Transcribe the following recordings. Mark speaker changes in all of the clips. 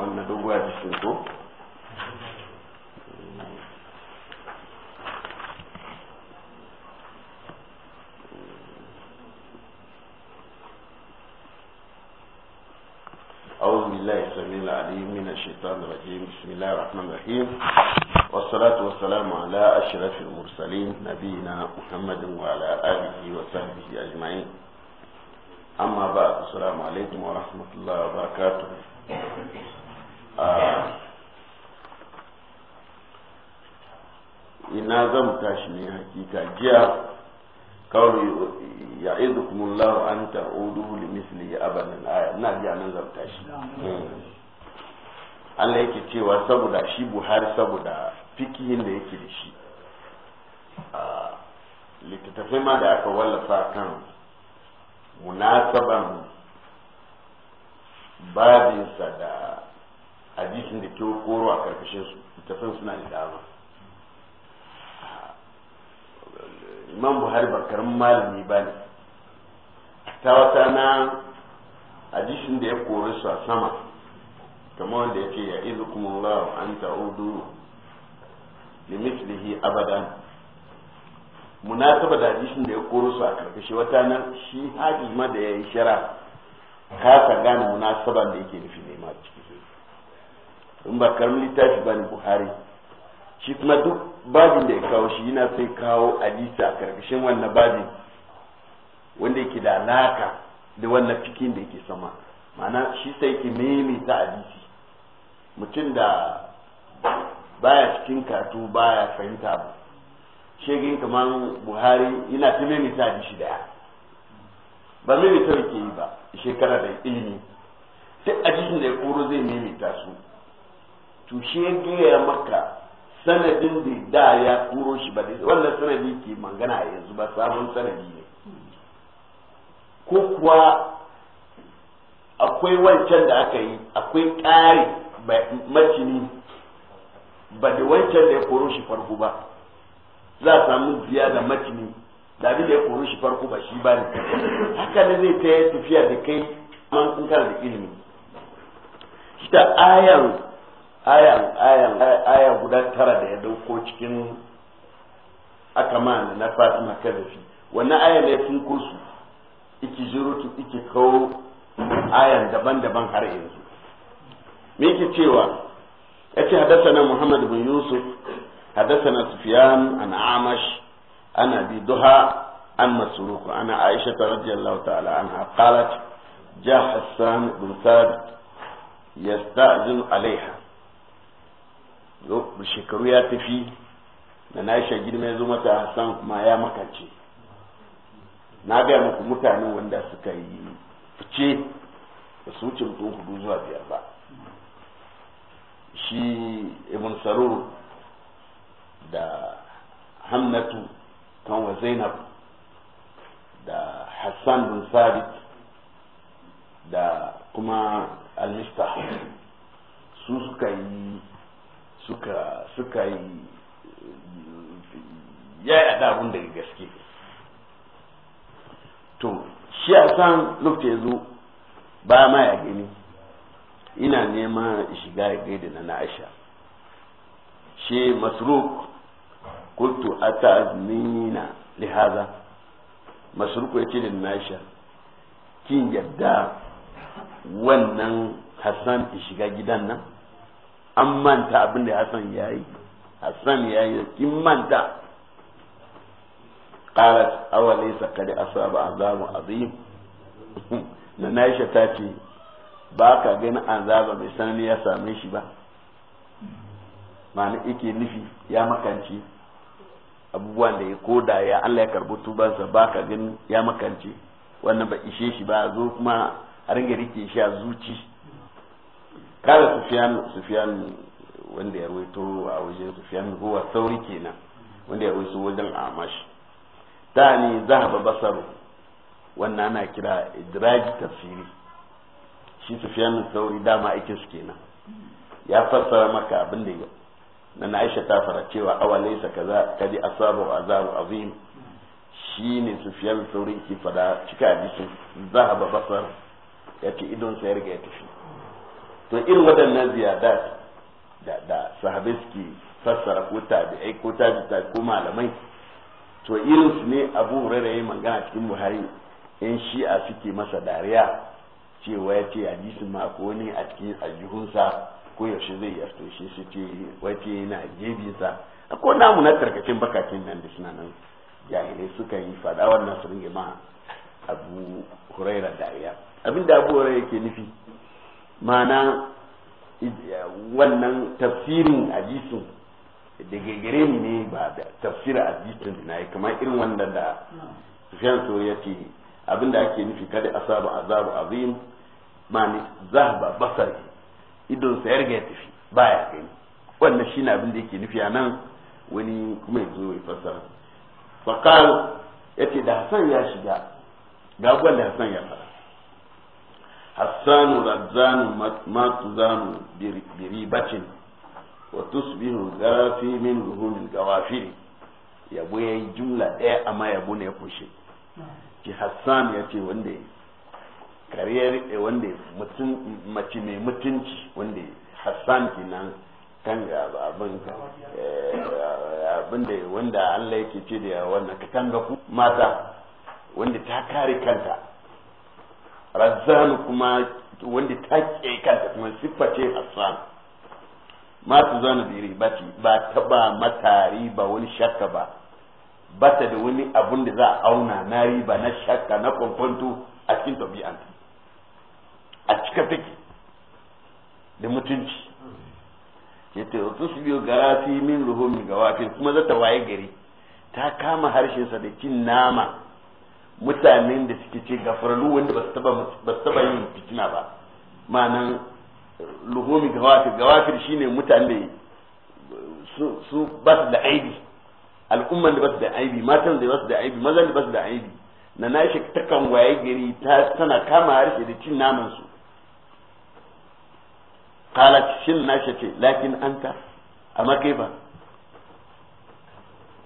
Speaker 1: wannan doguwa ta shi أعوذ بالله السميع العليم من الشيطان الرجيم بسم الله الرحمن الرحيم والصلاة والسلام على أشرف المرسلين نبينا محمد وعلى آله وصحبه أجمعين أما بعد السلام عليكم ورحمة الله وبركاته Ah, ina zan tashi ne hakika jiya kawai ya izu kumullahu an odu li misli aya ah, na jiya nan zan tashi hmm. Allah yake cewa saboda shi Buhari saboda fikihin da yake da shi ah, littattafai ma da aka wallafa kan munasaban babinsa da hadisin da ke koro a karkashin su san suna da dama imam buhari ba karamin malami ba ne ta wata na hadisin da ya kori su a sama kama wanda ya ce ya izu kuma Allah an ta'udu limitlihi abadan munasaba da hadisin da ya koro su a karkashi wata na shi haji ma da ya yi shara ka gane munasaban da yake nufi ne ma ciki in ba karamin littafi ba ni buhari shi kuma duk babin da ya kawo shi yana sai kawo hadisi a karkashin wannan babin wanda yake da alaka da wannan fikin da yake sama ma'ana shi sai yake maimaita hadisi mutum da baya cikin kato baya fahimta ba shegin kamar buhari yana ta maimaita hadisi daya ba maimaita yake yi ba shekara da ilimi duk cikin da ya koro zai maimaita su to shi ya gaya maka sanadin da da ya kuro shi ba wannan sanadi ke magana a yanzu ba sabon sanadi ne ko kuwa akwai wancan da aka yi akwai ƙari macini ba da wancan da ya koro shi farko ba za a samu ziya da macini da abin da ya koro shi farko ba shi ba ne haka ne zai ta tafiya da kai man kuka da ilimi shi ta ayar ayan ayan aya guda tara da ya dauko cikin mana na fatima kadafi wannan ayan ne sun kursu iki jirutu iki kawo ayan daban-daban har yanzu me yake cewa yace hadathana muhammad bin yusuf hadathana sufyan an amash ana bi duha an masruq ana aisha radhiyallahu ta'ala anha qalat جاء bin بن ثابت يستأذن shekaru ya tafi na nasha girma ya zo mata san kuma ya makance na ga muku mutane wanda suka yi fice da su wuce mutum hudu zuwa biyar ba shi ibn sarur da hamnatu kan wa zainab da hassan bin sabit da kuma al su suka yi suka suka yi ya daga gaske to shi a san lokaci ya zo ba ma ya gani ina nema shiga ya gaida na na'asha shi masruk kultu ata'aznina lihaza ya ce da nasha. kin yadda wannan Hassan shiga gidan nan an manta abin da Hassan ya yi Hassan ya yi kin manta qalat awalaysa qad asaba azabu azim na Aisha ta ce ba ka gani azaba mai sanani ya same shi ba ma'ana yake nufi ya makance abubuwan da ya koda ya Allah ya karbi tubansa ba ka gani ya makance wannan ba ishe shi ba zo kuma a ringa rike shi a zuci kala sufiyan sufiyan wanda ya ruwaito a wajen sufiyan huwa sauri kenan wanda ya ruwaito wajen amash ta ni zahaba basaru wannan ana kira idraji tafsiri shi sufiyan sauri dama aikin su kenan ya fassara maka abin da na Aisha ta fara cewa awa laisa kaza kadi asabu azabu azim ne sufiyan sauri ke fada cika hadisin zahaba basar ya ce idon sa ya riga ya tafi to irin waɗannan ziyada da da sahabbai suke fassara ko tabi'ai ko ta ko malamai to irin su ne abu hurairah yayin magana cikin buhari yan shi'a suke masa dariya cewa ya ce hadisin ma ko wani a cikin ajihunsa ko yaushe zai yarto shi su ce wace yana jebinsa akwai namu na tarkacin bakakin nan da suna nan jahilai suka yi fada wannan su ringe ma abu huraira dariya abinda abu huraira yake nufi ma'ana wannan tafsirin hadisin da gegere ni ne ba da tafsirin hadisin na yi kamar irin wannan da sufiyan so ya ce abinda ake nufi kada asabu azabu azim ma'ani a basar idon sa yarga ya tafi baya gani wannan shi abin da yake nufi a nan wani kuma yazo ya fassara ya ce da Hassan ya shiga ga da Hassan ya fara hassanu razzanu matuzanu biribacin wa tusbihu garafi min ruhumil gawafiri yabu ya yi jumla ɗaya amma yabo ne ya kushe ki hassan ya ce wanda kariyar wanda mace mai mutunci wanda hassan kenan wanda Allah yake ce da wannan ka kanga ku mata wanda ta kare kanta razzanu kuma wanda ta ke kanta kuma siffa ce hassan ma su zana bi ba taba matari ba wani shakka ba bata da wani abun da za a auna na riba na shakka na kwankwanto a cikin tabi'anta a cika take da mutunci ce ta yau su biyo gara fi min ruhun ga gawafin kuma zata waye gari ta kama harshensa da cin nama mutanen da suke ce gafararru wanda ba su taba yin fitina ba ma'anan luhumi gawafir gawafir shine mutane su ba su da aibi al'umman da ba su da aibi matan da ba su da aibi mazan da ba su da aibi na na shi takan waye gari ta tana kama harshe da cin naman su kala cin na shi ce lakin anta amma kai ba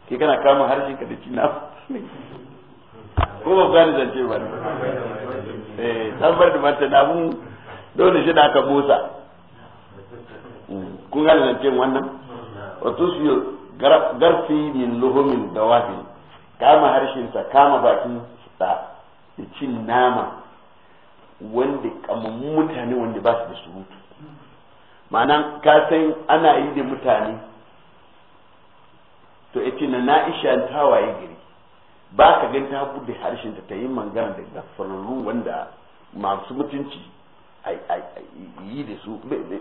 Speaker 1: kai kana kama harshe ka da cin naman ko ba gane zance ba eh tabbar da mata da mun dole shi da ka busa hmm, Ku gane zance wannan wa tusbiyu garfi min luhumin dawafi kama sa, kama bakin sa da cin nama wanda kamammun mutane wanda ba su da surutu ma'ana ka san ana yi da mutane to ita na na'isha ta waye gari ba ka gan ta bude harshen ta ta yi mangana da gafararru wanda masu mutunci yi da su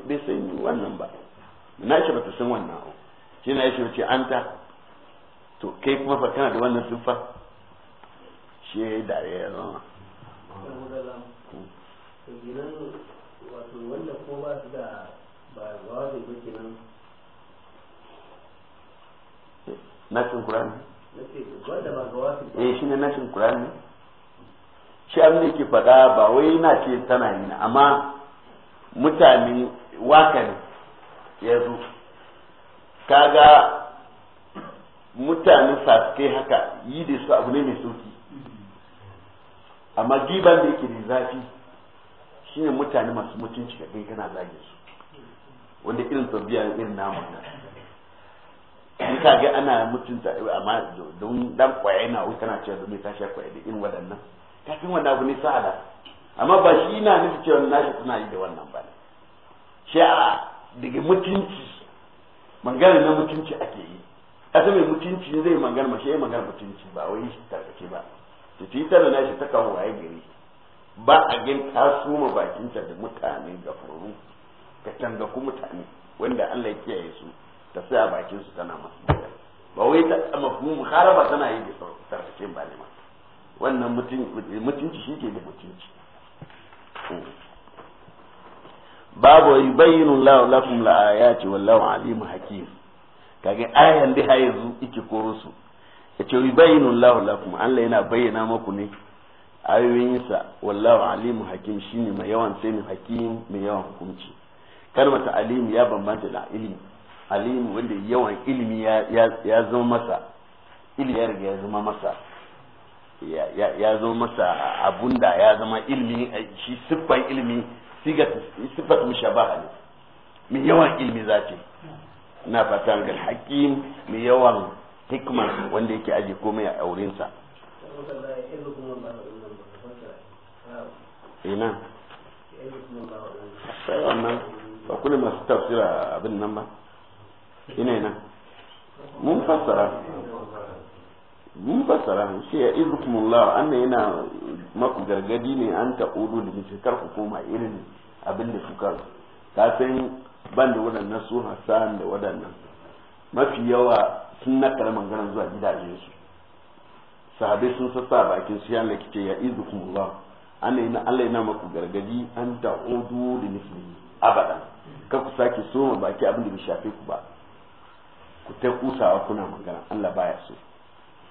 Speaker 1: bai san wannan ba na shi bata ta san wannan o shi na shi wace an ta to kai kuma fa kana da wannan fa shi ya yi dare ya zama
Speaker 2: wato wanda ko ba su da ba wajibi kenan
Speaker 1: na cin kurani eh shi ne nashin Kur'an ne shi an ne ke faɗa ba wai na ce tana yi na amma mutane waka ne ya zo kaga mutane sasuke haka yi da su abu ne mai sauki amma giban da yake da zafi shine mutane masu mutunci ka kai kana zage su wanda irin tabbiyar irin namu ka ga ana mutunta amma don dan kwaye na wuta na cewa domin tashi kwaye da irin waɗannan kafin wanda abu ne sa'ada amma ba shi ina nufi cewa shi suna yi da wannan ba shi a daga mutunci magana na mutunci ake yi kasa mai mutunci ne zai magana ma shi ya magana mutunci ba wai shi tarkace ba to ta da na shi ta kawo waye gari ba a gan ta suma bakinta da mutane ga furu ka tanga ku mutane wanda Allah ya kiyaye su ta sai a bakin su tana masu ba wai ta mafhum haraba tana yi da tarkacin ba ne wannan mutunci shi ke da mutunci babu yubayyinu Allahu lakum la'aya ce wallawa alimu hakim kage ayan da ha yanzu yake koro su ce yi Allahu lakum Allah yana bayyana maku ne ayoyinsa wallawa alimu hakim shine mai yawan mai hakim mai yawan hukunci kalmata alimu ya bambanta da ilimi alimu wanda yawan ilimi ya zama masa ilimi ya riga ya zama masa ya zo masa abunda ya zama ilimi shi siffan ilimi siffat mushabaha ne mai yawan ilimi za ce na fatan gal hakim mai yawan hikma wanda yake aje komai a aurinsa ina sai wannan ba kullum masu tafsira abin nan ba ina yana mun fassara mun fassara shi ya izukumullah annan yana maku gargadi ne an ta'udu da mace kar ku koma irin abin da suka ka san ban da waɗannan su hasan da waɗannan mafi yawa sun na karamin ganin zuwa gidajen su sahabai sun sassa bakin su yana kice ya izukumullah annan yana Allah yana maku gargadi an ta'udu da misli abadan kar ku sake soma baki abin da bai shafe ku ba ku ta kusawa kuna magana Allah baya so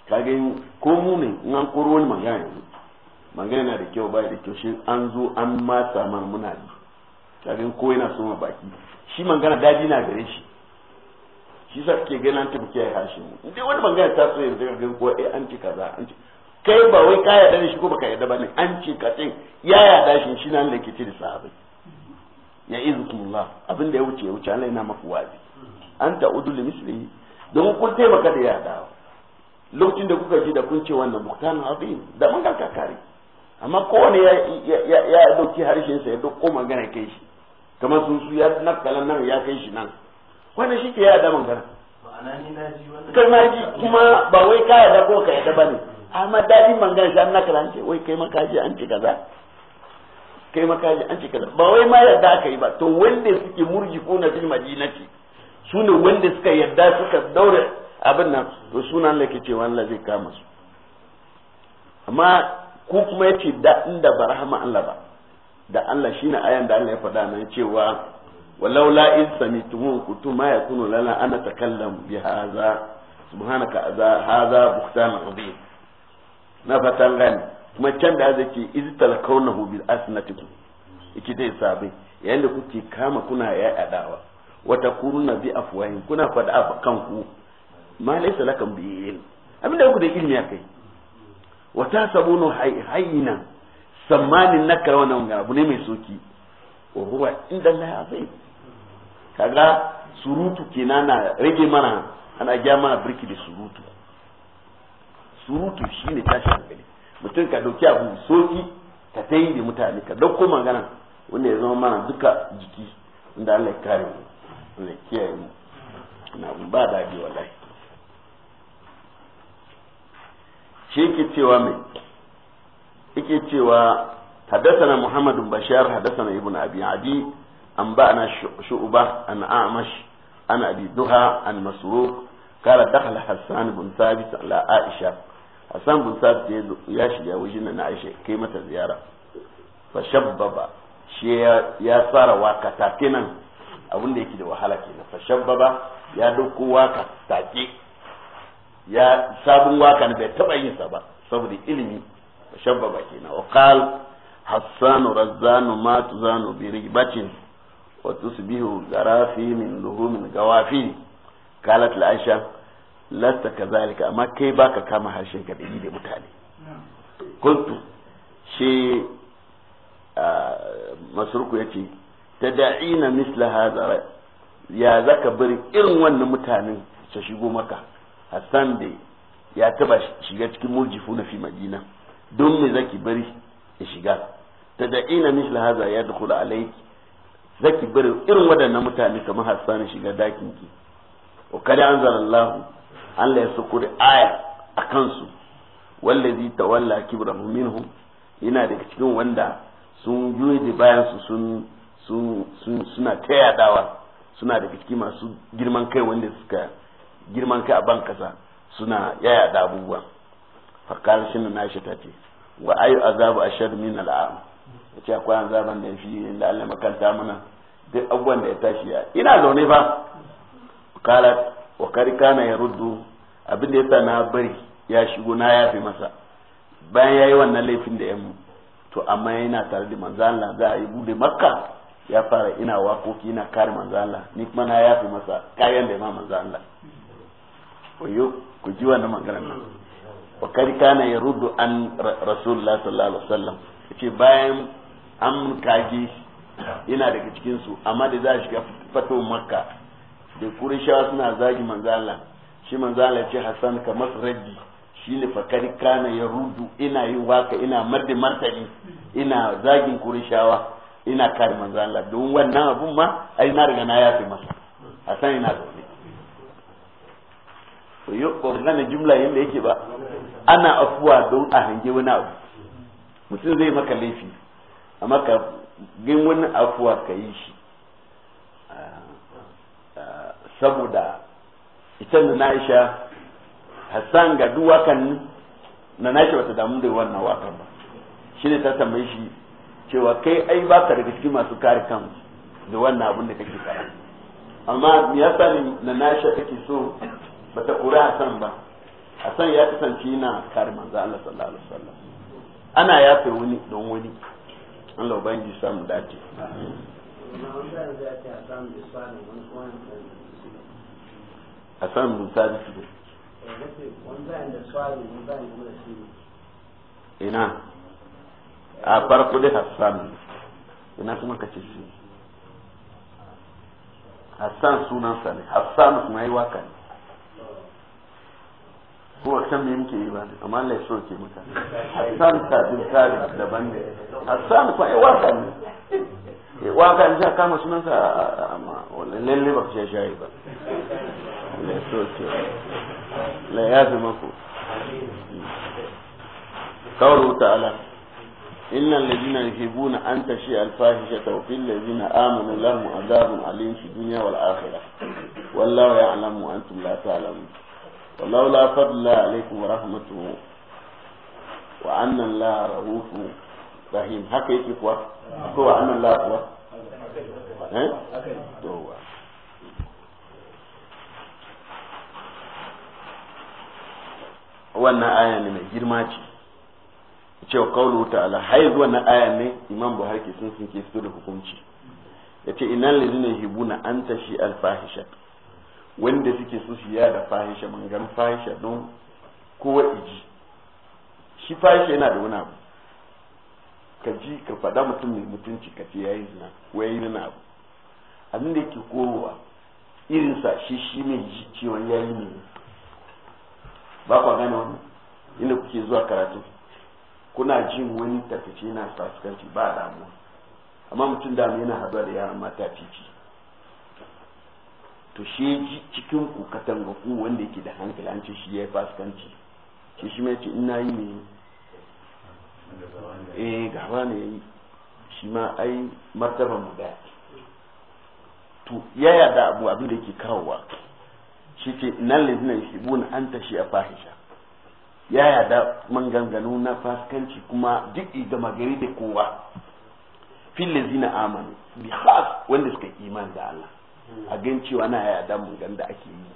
Speaker 1: kage ko mu ne in an koro wani magana yanzu magana na da kyau baya da kyau shi an zo an ma man muna ji kage ko yana so ma baki shi magana dadi na gare shi shi sa kike ga an tafi kiyaye hashin mu dai wani magana ta so yanzu ga ko eh an ci kaza an ci kai ba wai ka yarda shi ko baka yarda ba ne an ci ka ce ya yarda shi shi nan da kike ce da sahabi ya izkullah abin da ya wuce ya wuce Allah yana maku wazi an ta udul misli don kun taimaka da ya dawo lokacin da kuka ji da kun ce wannan muktan azim da mun ka kare amma kowane ya ya ya dauki harshen sa ya dauko magana kai shi kamar sun su ya kalan nan ya kai shi nan wannan shi ke ya da magana
Speaker 2: ni na ji kuma ba wai ka yada ko ka yada bane
Speaker 1: amma dadin magana shi an nakalan ce wai kai ma kaji an ci kaza kai makaji an ci kaza ba wai ma yadda aka yi ba to wanda suke murji ko na fil madinati su ne wanda suka yadda suka daure abin nan to suna da ke cewa Allah zai kama su amma ku kuma yace da inda ba rahama Allah ba da Allah shine ayan da Allah ya faɗa nan cewa walau la in samituhu kutu ma yakunu lana ana takallam bi hadha subhanaka hadha buhtan azim na fatan gani kuma can da zai ce iz talakawnahu bil asnatikum yake dai sabai yayin da kuke kama kuna ya adawa wata kuruna bi afwahin kuna faɗa a kanku ma laysa lakum bi ilm abin da ku da ilmi akai wa tasabunu hayyina sammanin nakara wannan abu ne mai soki wa huwa
Speaker 2: inda Allah azim
Speaker 1: kaga surutu kenan na rage mana ana gya mana birki da surutu surutu shine ta tashi hankali mutum ka dauki abu soki ka tayi da mutane ka dauko magana wanda ya zama mana duka jiki inda Allah ya kare mu zai kiyaye mu na ba daɗi wallahi shi ke cewa mai yake cewa حدثنا محمد بن بشار حدثنا ابن ابي عدي انبانا شعبه عن اعمش عن ابي دهى عن مسروق قال دخل حسان بن ثابت على عائشه حسان بن ثابت يا شيا وجنا عائشه كيمة زياره فشبب شيا يا صار وكتاكنا abin da yake da wahala kenan fashabba ba ya dauko waka take ya sabon waka ne bai taba yin sa ba saboda ilimi fa shabbaba kenan wa qal hassanu razzanu ma tuzanu bi ribatin wa tusbihu zarafi min luhumin gawafi qalat la lasta kazalika amma kai baka kama harshen ka da mutane kuntu shi ah, masruku yace tada'ina misla hadha ya zaka bari irin wannan mutanen ta shigo maka Hassan da ya taba shiga cikin murjifu na fi madina don me zaki bari ya shiga tada'ina misla hadha ya dukhula alayki zaki bari irin waɗannan mutane kamar hasan shiga dakin ki wa kada anzalallahu Allah ya sako da aya a kansu wallazi tawalla kibrahum minhum yana da cikin wanda sun juye da bayan su sun suna ta yadawa suna da ciki masu girman kai wanda suka girman kai a ban kasa suna ya da abubuwa fakar shi na shi ta ce wa ayu azabu ashad min al'am ce akwai azaban da ya yafi da Allah makanta mana duk abubuwan da ya tashi ya ina zaune fa kala wa karikana ya ruddu abin da sa na bari ya shigo na yafe masa bayan ya yi wannan laifin da ya mu to amma yana tare da manzo Allah za a yi bude makka ya fara ina wakoki ina kare manzo Allah ni kuma na yafi masa kayan da ma manzo Allah wayo ku ji wannan maganar nan wa kad kana yaruddu an rasulullah sallallahu alaihi wasallam yace bayan an kage ina daga cikin su amma da za a shiga fato makka da kurishawa suna zagi manzo Allah shi manzo Allah ce hasan ka masraji shi fa fakari kana yaruddu ina yi waka ina madda martani ina zagin kurishawa ina kare manzo Allah don wannan abun ma ai na riga na yafi masa a san ina zaune to yo ko jumla da yake ba ana afuwa don a hange wani abu mutum zai maka laifi amma ka gin wani afuwa ka yi shi ah, ah, saboda ita da na Aisha Hassan ga duwakan na nake bata damu da wannan wakan ba shine ta tambaye shi cewa kai ai ba ka daga cikin masu kare kan da wannan abin da kake fara amma me yasa ne na nasha take so bata a Hassan ba Hassan ya kasance yana kare manzo Allah sallallahu alaihi wasallam ana yafe wani don wani Allah sa mu dace Hassan Musa eh, da Ina. a farko dai hassan ina kuma ka ce shi hassan sunansa ne hassan kuma yi waka ne kuma san me muke yi ba ne amma Allah ya so ke maka hassan ta bin tari daban ne hassan kuma yi waka ne waka ne za kama sunansa amma lalle ba ku sha shayi ba
Speaker 2: Allah ya so ke la ya zama ku kawo
Speaker 1: ta'ala إن الذين يحبون أن تشيء الفاحشة وفي الذين آمنوا لهم عذاب عليم في الدنيا والآخرة والله يعلم وأنتم لا تعلمون ولولا فضل الله عليكم ورحمته وأن الله رؤوف رحيم حقيقة قوة قوة أن الله قوة
Speaker 2: la kuwa
Speaker 1: wannan aya ne mai girma ce cewa qawlu ta'ala haihuwa na aya ne imam buhari ke sun sun ke su da hukunci yace ne hibu na an tashi alfahisha wanda suke so su yada fahisha mangan fahisha don kowa iji shi fahisha yana da wani abu ka ji ka faɗa mutum mai mutunci ka ce yayi zina ko yayi zina abu abin da yake kowa irinsa shi shi mai ji cewa yayi ne ba kwa gane wannan inda kuke zuwa karatu kuna jin wani tafice na fasikanci ba damuwa amma mutum da yana haɗuwa da yaran mata fifi to shi ji cikin ku ku wanda yake da hankali an ce shi ya yi fasikanci shi shi mai ce ina yi eh,
Speaker 2: ne eh gaba
Speaker 1: ne yi shi ma ai martaba mu da to ya da abu abin da yake kawowa shi ce nan lalzina yake bun an tashi a fahisha ya yada manganganu na fasikanci kuma duk igama gari da kowa fil zina amanu bi khas wanda suka iman da Allah a gan cewa na yada mangan da ake yi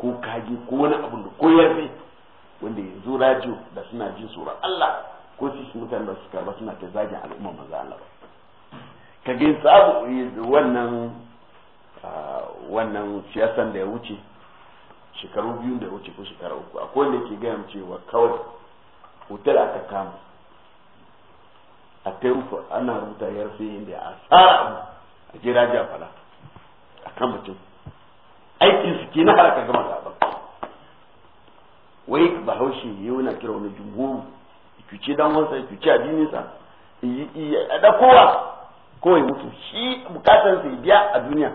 Speaker 1: ko kaji ko wani abu da ko yarfe wanda ya zo rajo da suna jin tsoron Allah ko su mutane da suka ba suna ta zagin al'umma maza Allah ka ga sabu eh, wannan ah, wannan siyasan da ya wuce shekaru biyu da wuce ko shekara uku akwai wanda yake gaya cewa kawai hotel aka kama a terufa ana rubuta yar sai inda a tsara abu a jira jafala a kan mutum aikin su ke na haraka gama da abu wai haushe ya na kira wani jumhuru cuce dan wansa cuce addininsa a da kowa kawai mutu shi bukatar sai biya a duniya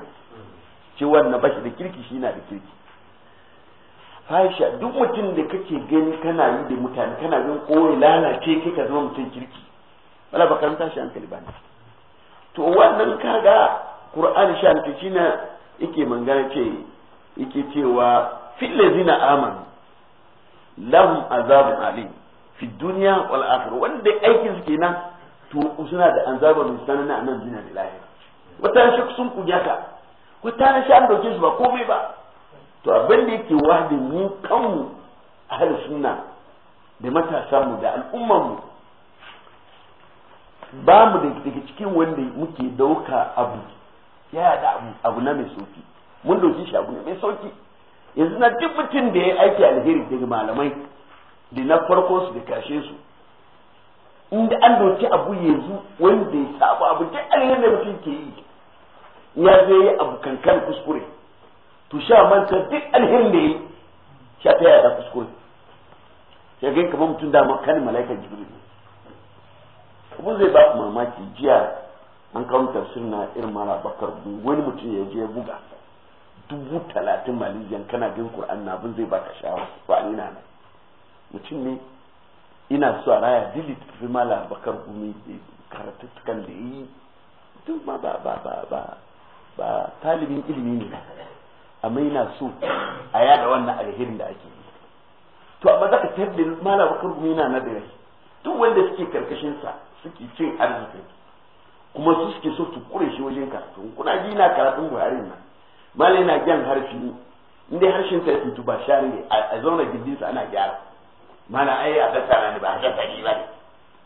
Speaker 1: ce wannan bashi da kirki shi na da kirki Aisha duk mutum da kake gani kana yi da mutane kana gani ko lalace kai ka zama mutum kirki wala ba karanta shi hankali ba to wannan kaga Qur'an shi hankali shi na yake mangana ce yake cewa fil ladina amanu lahum azabun alim fi dunya wal akhirah wanda aikin su kenan to suna da azabun sanan na nan duniya da lahira wata shi sun kujaka wata shi an dauke su ba komai ba to abin da yake wahdi mu kanmu ahlus sunna da matasa mu da al'ummarmu mu ba mu da daga cikin wanda muke dauka abu ya da abu na mai sauki mun dauki shi abu na mai sauki yanzu na duk mutum da ya aiki alheri daga malamai da na farko su da kashe su inda an dauki abu yanzu wanda ya sabu abu duk alheri da mutum ke yi ya zai abu kankan kuskure to sha manta duk alhirin da yi sha ta yaya da kuskure sai ga kamar mutum da kan malaikar jibril ne kuma zai ba ku mamaki jiya an kawo tafsir na irin mara bakar wani mutum ya je buga dubu talatin maliyan kana bin kur'an na abin zai baka sha'awa ba ni na mutum ne ina so a raya dili tafi mala bakar gumi eh, da karatattukan da yi ma ba ba ba ba ba talibin ilimi ne amma yana so a yada wannan alherin da ake yi to amma zaka tabbi malam bakar gumi na na dare duk wanda suke karkashin sa suke cin arziki kuma su suke so su kure shi wajen karatu kuna ji na karatun buhari na malam yana gyan harfi inda harshen ta ya tuba ba share ne a zauna gindin sa ana gyara malam ai a dasa ne ba a dasa ba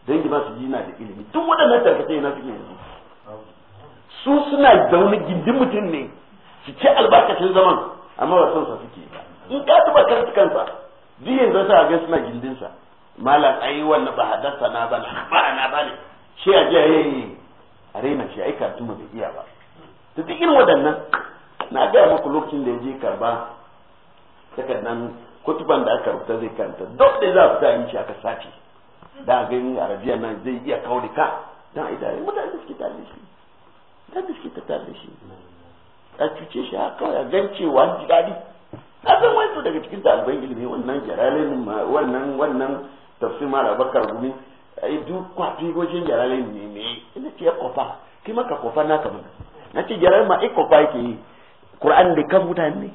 Speaker 1: dangi ba su ji na da ilimi duk waɗannan tarkace na suke yanzu su suna zaune gindin mutum ne su ce albarkacin zaman amma ba son sa suke ba in ka tuba karfi kansa duk zai sa ga suna gindinsa malam ai wannan ba hadarsa na ba na ba na ba ne shi a je yayi a raina shi ai karatu mu bai iya ba ta duk irin waɗannan na gaya muku lokacin da ya je karba takardan kutuban da aka rubuta zai karanta duk da za a fita yin shi aka sace da ga yin arabiya nan zai iya kaurika don a da mutane suke tare shi mutane suke tare shi a cuce shi haka a gan cewa ji daɗi a san wani daga cikin ɗaliban ilimi wannan jaralin wannan wannan tafsir mara bakar gumi ai duk kwafi gojin jaralin ne me ina ce ya kofa kai maka kofa na kamar na ce jaralin ma ai kofa yake yi qur'an da kan mutane ne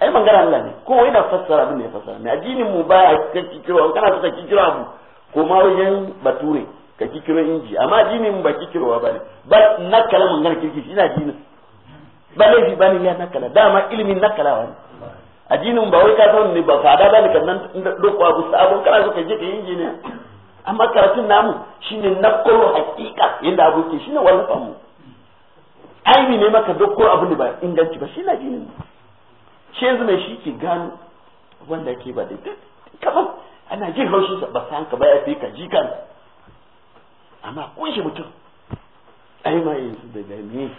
Speaker 1: ai magana Allah ne kowa na fassara abin da ya fassara ne addinin mu baya kan kikiro an kana saka kikiro abu ko ma wajen bature ka kikiro inji amma addinin mu ba kikirowa ba ne ba na kalamin gana kirki shi na addinin ba laifi ba ne ya nakala dama ilimin nakalawa ne addinin ba wai ka san ne ba fada ba ne kannan doko abu sabon kana so ka je ka yi injiniya amma karatun namu shine nakalo hakika inda abu ke shine wallafa mu aibi ne maka doko abu ne ba inganci ba shine addinin mu shi yanzu mai shi ke gano wanda ke ba daidai kamar ana jin haushin sa ba san ka ba ya fi ka ji kan amma kun shi mutum ai ma yanzu da gani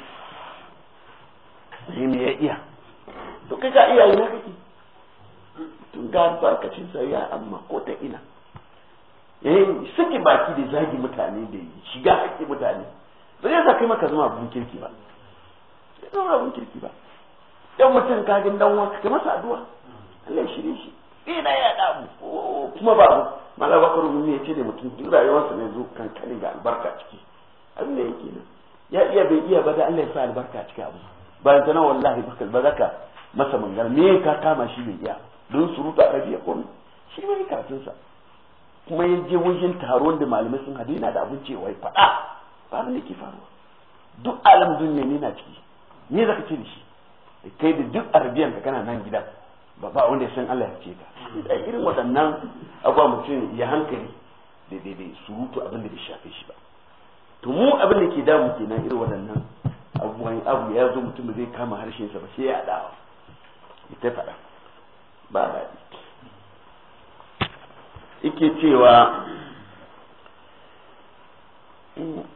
Speaker 1: sai ya iya to kai ka iya ina kake tun ga albarkacin sa ya amma ko ta ina eh saki baki da zagi mutane da shiga hakki mutane ba zai sa kai maka zama abun kirki ba zai zama abun kirki ba dan mutum ka ga dan wanka kai masa addu'a Allah ya shirye shi ina ya damu kuma babu mala bakar mun ne ce da mutum duk rayuwarsa ne zo kankani ga albarka ciki abin da yake nan ya iya bai iya ba da Allah ya sa albarka ciki abu bayan ta wallahi ba za ka masa mangana me ka kama shi mai iya don surutu arabiya ko shi karatun karatunsa kuma ya je wajen taron da malamai sun hadu yana da abin cewa ya faɗa ba abin da ke faruwa duk alam duniya ne na ciki me zaka ce da shi kai da duk arabiyan ka kana nan gida ba ba wanda ya san Allah ya ce ka da irin waɗannan abuwa mutum ya hankali da daidai surutu abin da ya shafe shi ba to mu abin da ke damu kenan irin waɗannan abubuwan abu ya zo mutum zai kama harshensa ba sai ya dawa ita faɗa ba daɗi ike cewa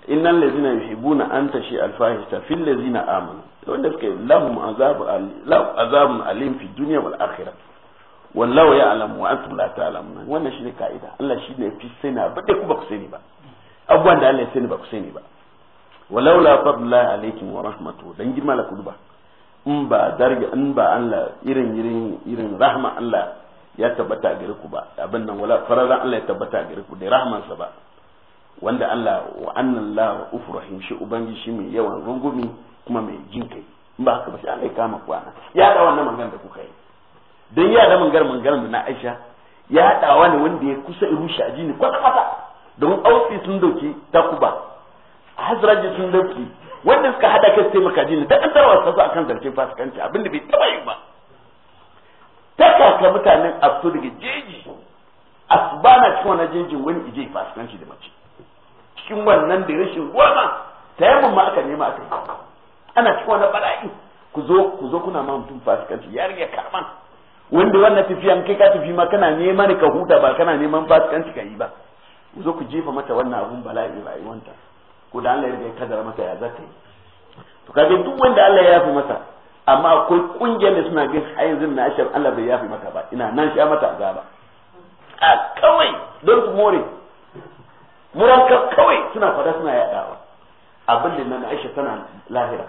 Speaker 1: innan lazina yuhibuna an tashi alfahisha fil lazina amanu wanda suka yi lahum azabun alim fi duniya wal akhirah wallahu ya'lamu wa antum la ta'lamun wannan shine kaida Allah shine fi sani ba dai ku ba ku sani ba abuwan da Allah ya sani ba ku sani ba walaula fadlullahi alaikum wa rahmatu dan girma la kuduba in ba darga in ba Allah irin irin irin rahma Allah ya tabbata gare ku ba abin nan wala farazan Allah ya tabbata gare ku da sa ba wanda Allah wa annan la ufrahim shi ubangi shi mai yawan rungumi kuma mai jinkai kai in ba ka ba sai Allah ya kama ana ya da wannan mangan da kuka yi dan ya da mangar mangar na Aisha ya da wani wanda ya kusa rushe ajini kwata kwata don ausi sun dauki takuba a hazrajin sun dauki wanda suka hada kai sai maka jini ta kasar wasu a kan zarce fasikanci abinda bai taba yi ba ta kaka mutanen afto daga jeji asbana cikin wannan jejin wani ije fasikanci da mace cikin wannan da rashin ruwa ma tayammun ma aka nema aka yi ana cikin wannan bala'i ku zo ku zo kuna ma mutum fasikanci ya karma wanda wannan tafiyan kai ka tafi ma kana neman ka huta ba kana neman fasikanci ka yi ba ku zo ku jefa mata wannan abun bala'i rayuwanta ko da Allah ya riga ya kaddara masa ya zaka yi to kaje duk wanda Allah ya yafi masa amma akwai kungiyar da suna gaisu har yanzu na ashar Allah bai yafi maka ba ina nan sha mata azaba a kawai don su more muranka kawai suna fada suna yadawa abin da nan Aisha tana lahira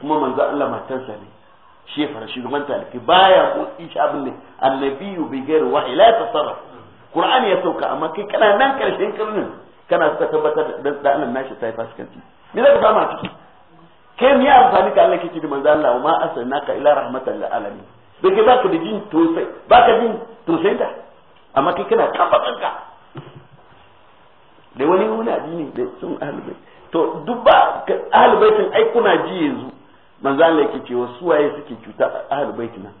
Speaker 1: kuma manzo Allah matarsa ne shi fara shugaban talifi baya ko shi abin ne annabiyu bi gairu wa ila tasarraf Qur'ani ya sauka amma kai kana nan karshen karnin kana suka tabbatar da danan nashi sai fasikanci me zaka samu a ciki kai ya amfani ka Allah kici da manzo Allah ma ka ila rahmatan lil alamin ba baka da jin tosai baka jin tosai da amma kai kana kafa ka da wani wani addini da sun ahlul to duk ba ahlul ai kuna ji yanzu manzo Allah yake cewa su waye suke cuta ahlul bait nan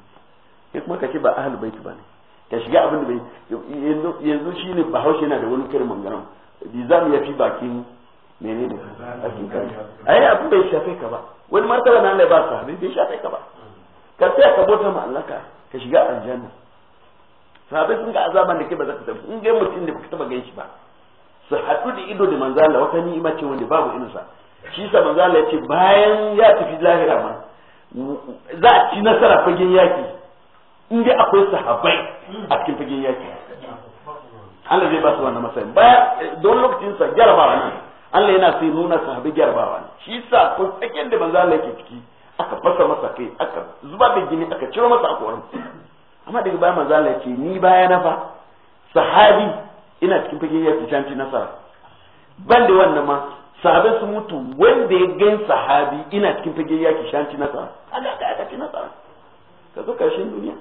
Speaker 1: kai kuma kace ba ahlul bait bane ka shiga abin da bai yanzu shine bahaushe yana da wani kirman mangaran lizam ya fi bakin menene bakin kai ai abin bai shafe ka ba wani martaba na Allah ba ka bai shafe ka ba ka sai ka bota ma Allah ka shiga aljanna sahabi sun ga azaban da ke ba za ka tafi in ga mutum da ka taba gan shi ba su haɗu da ido da manzo Allah wata ni'ima ce wanda babu irinsa shi sa manzo Allah ya ce bayan ya tafi lahira ma za a ci nasara fagen yaki in dai akwai sahabbai a cikin fagen yaki Allah zai ba su wannan matsayin baya don lokacin sa jarabawa ne Allah yana sai nuna sahabi jarabawa ne shi sa ko tsakiyar da manzo Allah yake ciki aka fasa masa kai aka zuba da gini aka ciro masa akoran amma daga baya manzo Allah yake ni baya na fa sahabi ina cikin fage ya fitanci nasara ban da wannan ma sahabi su mutu wanda ya gan sahabi ina cikin fage ya fi shanti nasara
Speaker 2: kaga ka aka ci nasara
Speaker 1: ka zo karshen duniya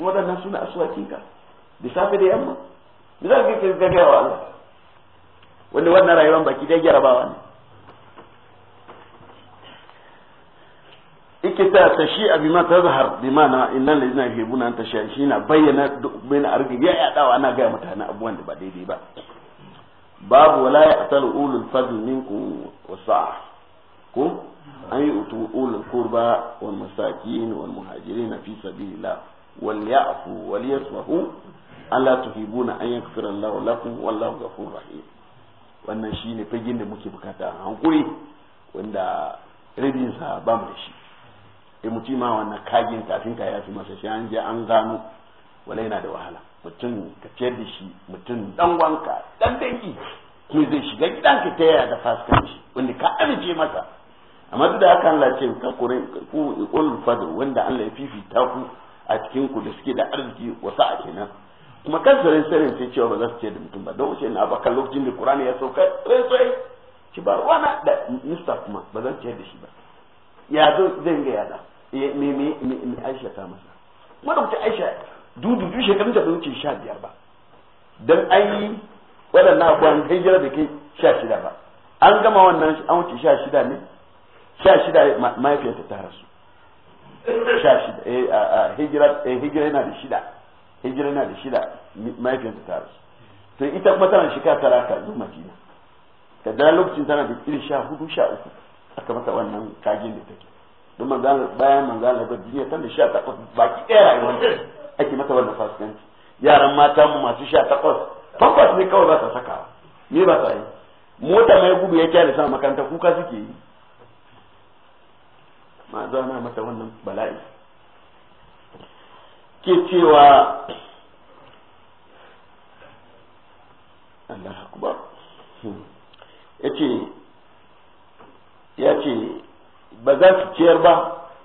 Speaker 1: waɗannan suna aswakin ka da safe da yamma me za ka kai gaya wa Allah wanda wannan rayuwar baki dai jarabawa ne ike ta tashi a bima ta zahar bima na inna da yana hebu na ta shi na bayyana bayan arziki ya yadawa ana gaya mutane abubuwan da ba daidai ba babu wala ya atal ulul fadl wa wasa ko an yi utu ulul qurba wal masakin wal muhajirin fi sabilillah wal ya'fu wal yasfahu ala tuhibuna an yaghfira Allahu lakum wallahu ghafurur rahim wannan shine fagen da muke bukata hankuri wanda rabin sa ba mu da shi eh mutum ma wannan kagin kafin ka yafi masa shi an je an gano wala yana da wahala mutum ka ciyar da shi mutum dan wanka dan dangi ke zai shiga gidanka ta yaya da fasikanci wanda ka amince masa amma duk da haka Allah ce ka kure ku ulul fadl wanda Allah ya fifita ku a cikin ku da suke da arziki wasa a kenan kuma kan sarin sai sai cewa ba za su ce da mutum ba don wuce na baka lokacin da Qur'ani ya sauka sai sai ci ba ruwana da Mr. kuma ba zan ce da shi ba ya zo zan ga yada eh, me me me Aisha ta masa kuma da Aisha dudu du shekarun da ba sha 15 ba dan ai wadannan abuwan hijira da ke 16 ba an gama wannan an wuce 16 ne 16 mahaifiyarta ta rasu
Speaker 2: 16
Speaker 1: eh hijira eh hijira yana da shida hijira na da shida mahaifiyarsa ta rasu to ita kuma tana shekara tara ka zo madina ta da lokacin tana da iri sha hudu sha uku aka mata wannan kagin da take don manzan bayan manzan da duniya tana sha takwas baki ɗaya rayuwar ake mata wannan fasikanci yaran mata mu masu sha takwas tabbas ne kawai za ta saka ni ba ta yi mota mai gudu ya kyale sama makaranta kuka suke yi ma na mata wannan bala'i ke cewa Allah akbar ya ce ba za su ciyar ba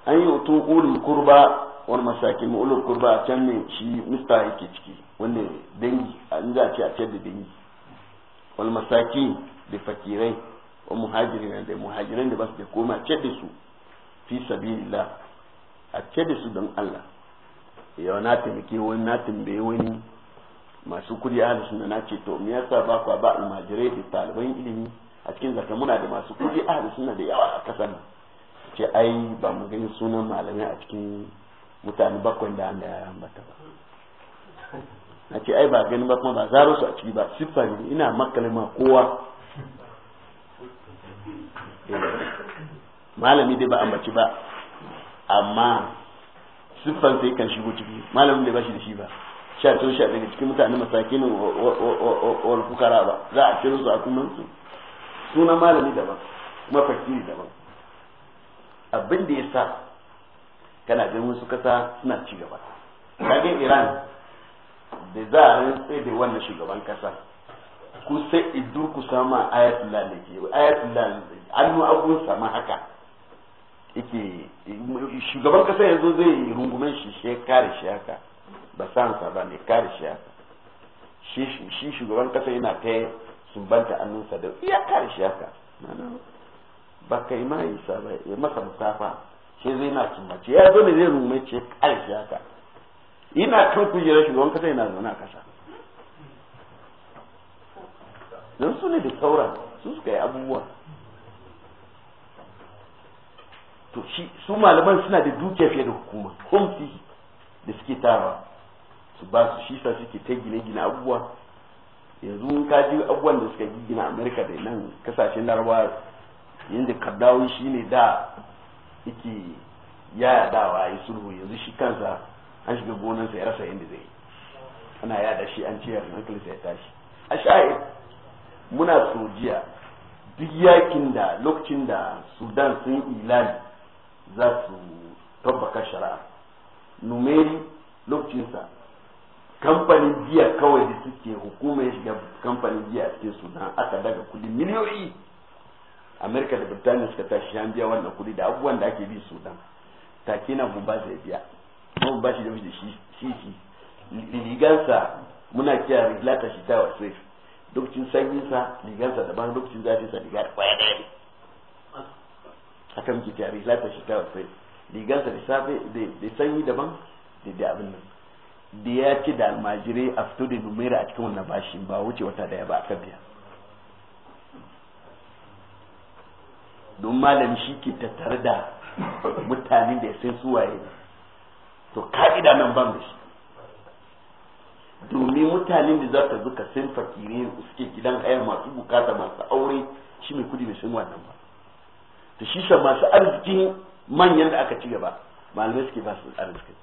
Speaker 1: an yi otu ulul kurba wani masakin ulul kurba a can ne shi mista yake ciki wanda dangi an za ce a ciyar da dangi wani masaki da fakirai wa muhajirin da muhajirin da ba su da koma ciyar da su fi sabilillah a ciyar da su don Allah yau na taimake wani na tambaye wani masu kudi a suna na ce to me yasa ba ku ba almajirai da taliban ilimi a cikin zaka muna da masu kudi ahli sunna da yawa a kasar ce ai ba mu gani sunan malamai a cikin mutane bakwai da an da
Speaker 2: ya ambata ba
Speaker 1: na ce ai ba gani ba kuma ba zaro su a ciki ba siffar ina makalma kowa eh, malami dai ba ambaci ba amma siffan sai kan shigo ciki malamin bai bashi da shi ba sha to sha daga cikin mutanen masakinin wal fukara ba za a ciro su a kunan su suna malami daban kuma fakiri daban abin da ya sa kana ganin su kasa suna ci gaba kage iran da za a sai da wannan shugaban kasa ku sai idur ku sama ayatullah ne ke ayatullah annu abun sama haka yake shugaban kasa yanzu zai yi rungumen shi shi kare shi haka ba sansa ba ne kare shi haka shi shugaban kasa yana ta sumbanta annunsa da iya kare shi haka ba kai ma yi ba ya masa musafa shi zai na sumbace ya zo ne zai rungumen ce kare shi haka ina kan kujerar shugaban kasa yana zaune a kasa don su ne da sauran su suka yi abubuwa to shi su malaman suna da duke fiye da hukuma kumsi da suke tarawa su ba su shi sa suke ta gine-gine abubuwa yanzu ka ji abubuwan da suka gina amerika da nan kasashen larabawa yadda kaddawi shi ne da yake wa ya sulhu yanzu shi kansa an shiga gonansa ya rasa yadda zai ana yada shi an ciyar hankalinsa ya tashi a sha'ir muna sojiya duk yakin da lokacin da sudan sun ilali za su tabbaka shari'a numeri lokacinsa kamfanin biya kawai da suke hukuma shiga kamfanin biya a cikin sudan aka daga kudi miliyoyi amerika da birtaniya suka tashi shan biya wannan kudi da abubuwan da ake bi sudan take na mun ba shi biya mun ba shi da shi shi shi ligansa muna kiyaye rigilata shi ta wa safe lokacin sanyin sa ligansa daban lokacin zafi sa ligar kwaya daya haka muke tare lafiya shi ta sai rigansa da safe da sanyi daban da da abin nan da ya ce da almajirai a fito da numera a cikin wannan bashin ba wuce wata daya ba a kan biya don malam shi ke tattare da mutanen da ya sai suwaye to ka'ida nan ban da shi domin mutanen da za ka zuka sun fakire suke gidan ayar masu bukata masu aure shi mai kudi mai san wannan ba to shi sa masu arzikin manyan da aka ci gaba malamai suke ba su arziki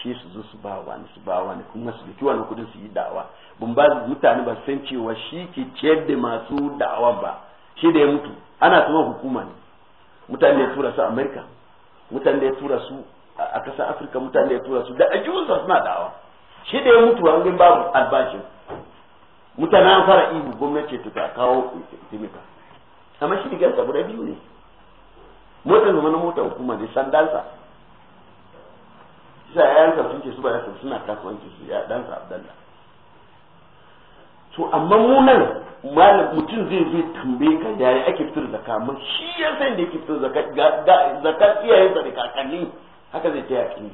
Speaker 1: shi su zo su ba wani su ba wani kuma su duki wani kudin su yi da'awa bun ba mutane ba san cewa shi ke ciyar da masu da'awa ba shi da ya mutu ana tuma hukuma ne mutane da ya tura su amerika mutane da ya tura su a ƙasar afirka mutane da ya tura su da sa suna da'awa shi da ya mutu an babu albashin mutane an fara ihu gwamnati ta kawo taimaka amma shi ne sa guda biyu ne motar da wani motar hukuma ne sandansa shi ya yanka sun ce su ba yasa suna kasuwanci su ya dan sa abdalla to amma mu nan mutum zai zai tambaye ka yayi ake fitar zakka amma shi ya san da yake fitar zakka zakka iyayen sa da kakanni haka zai taya ne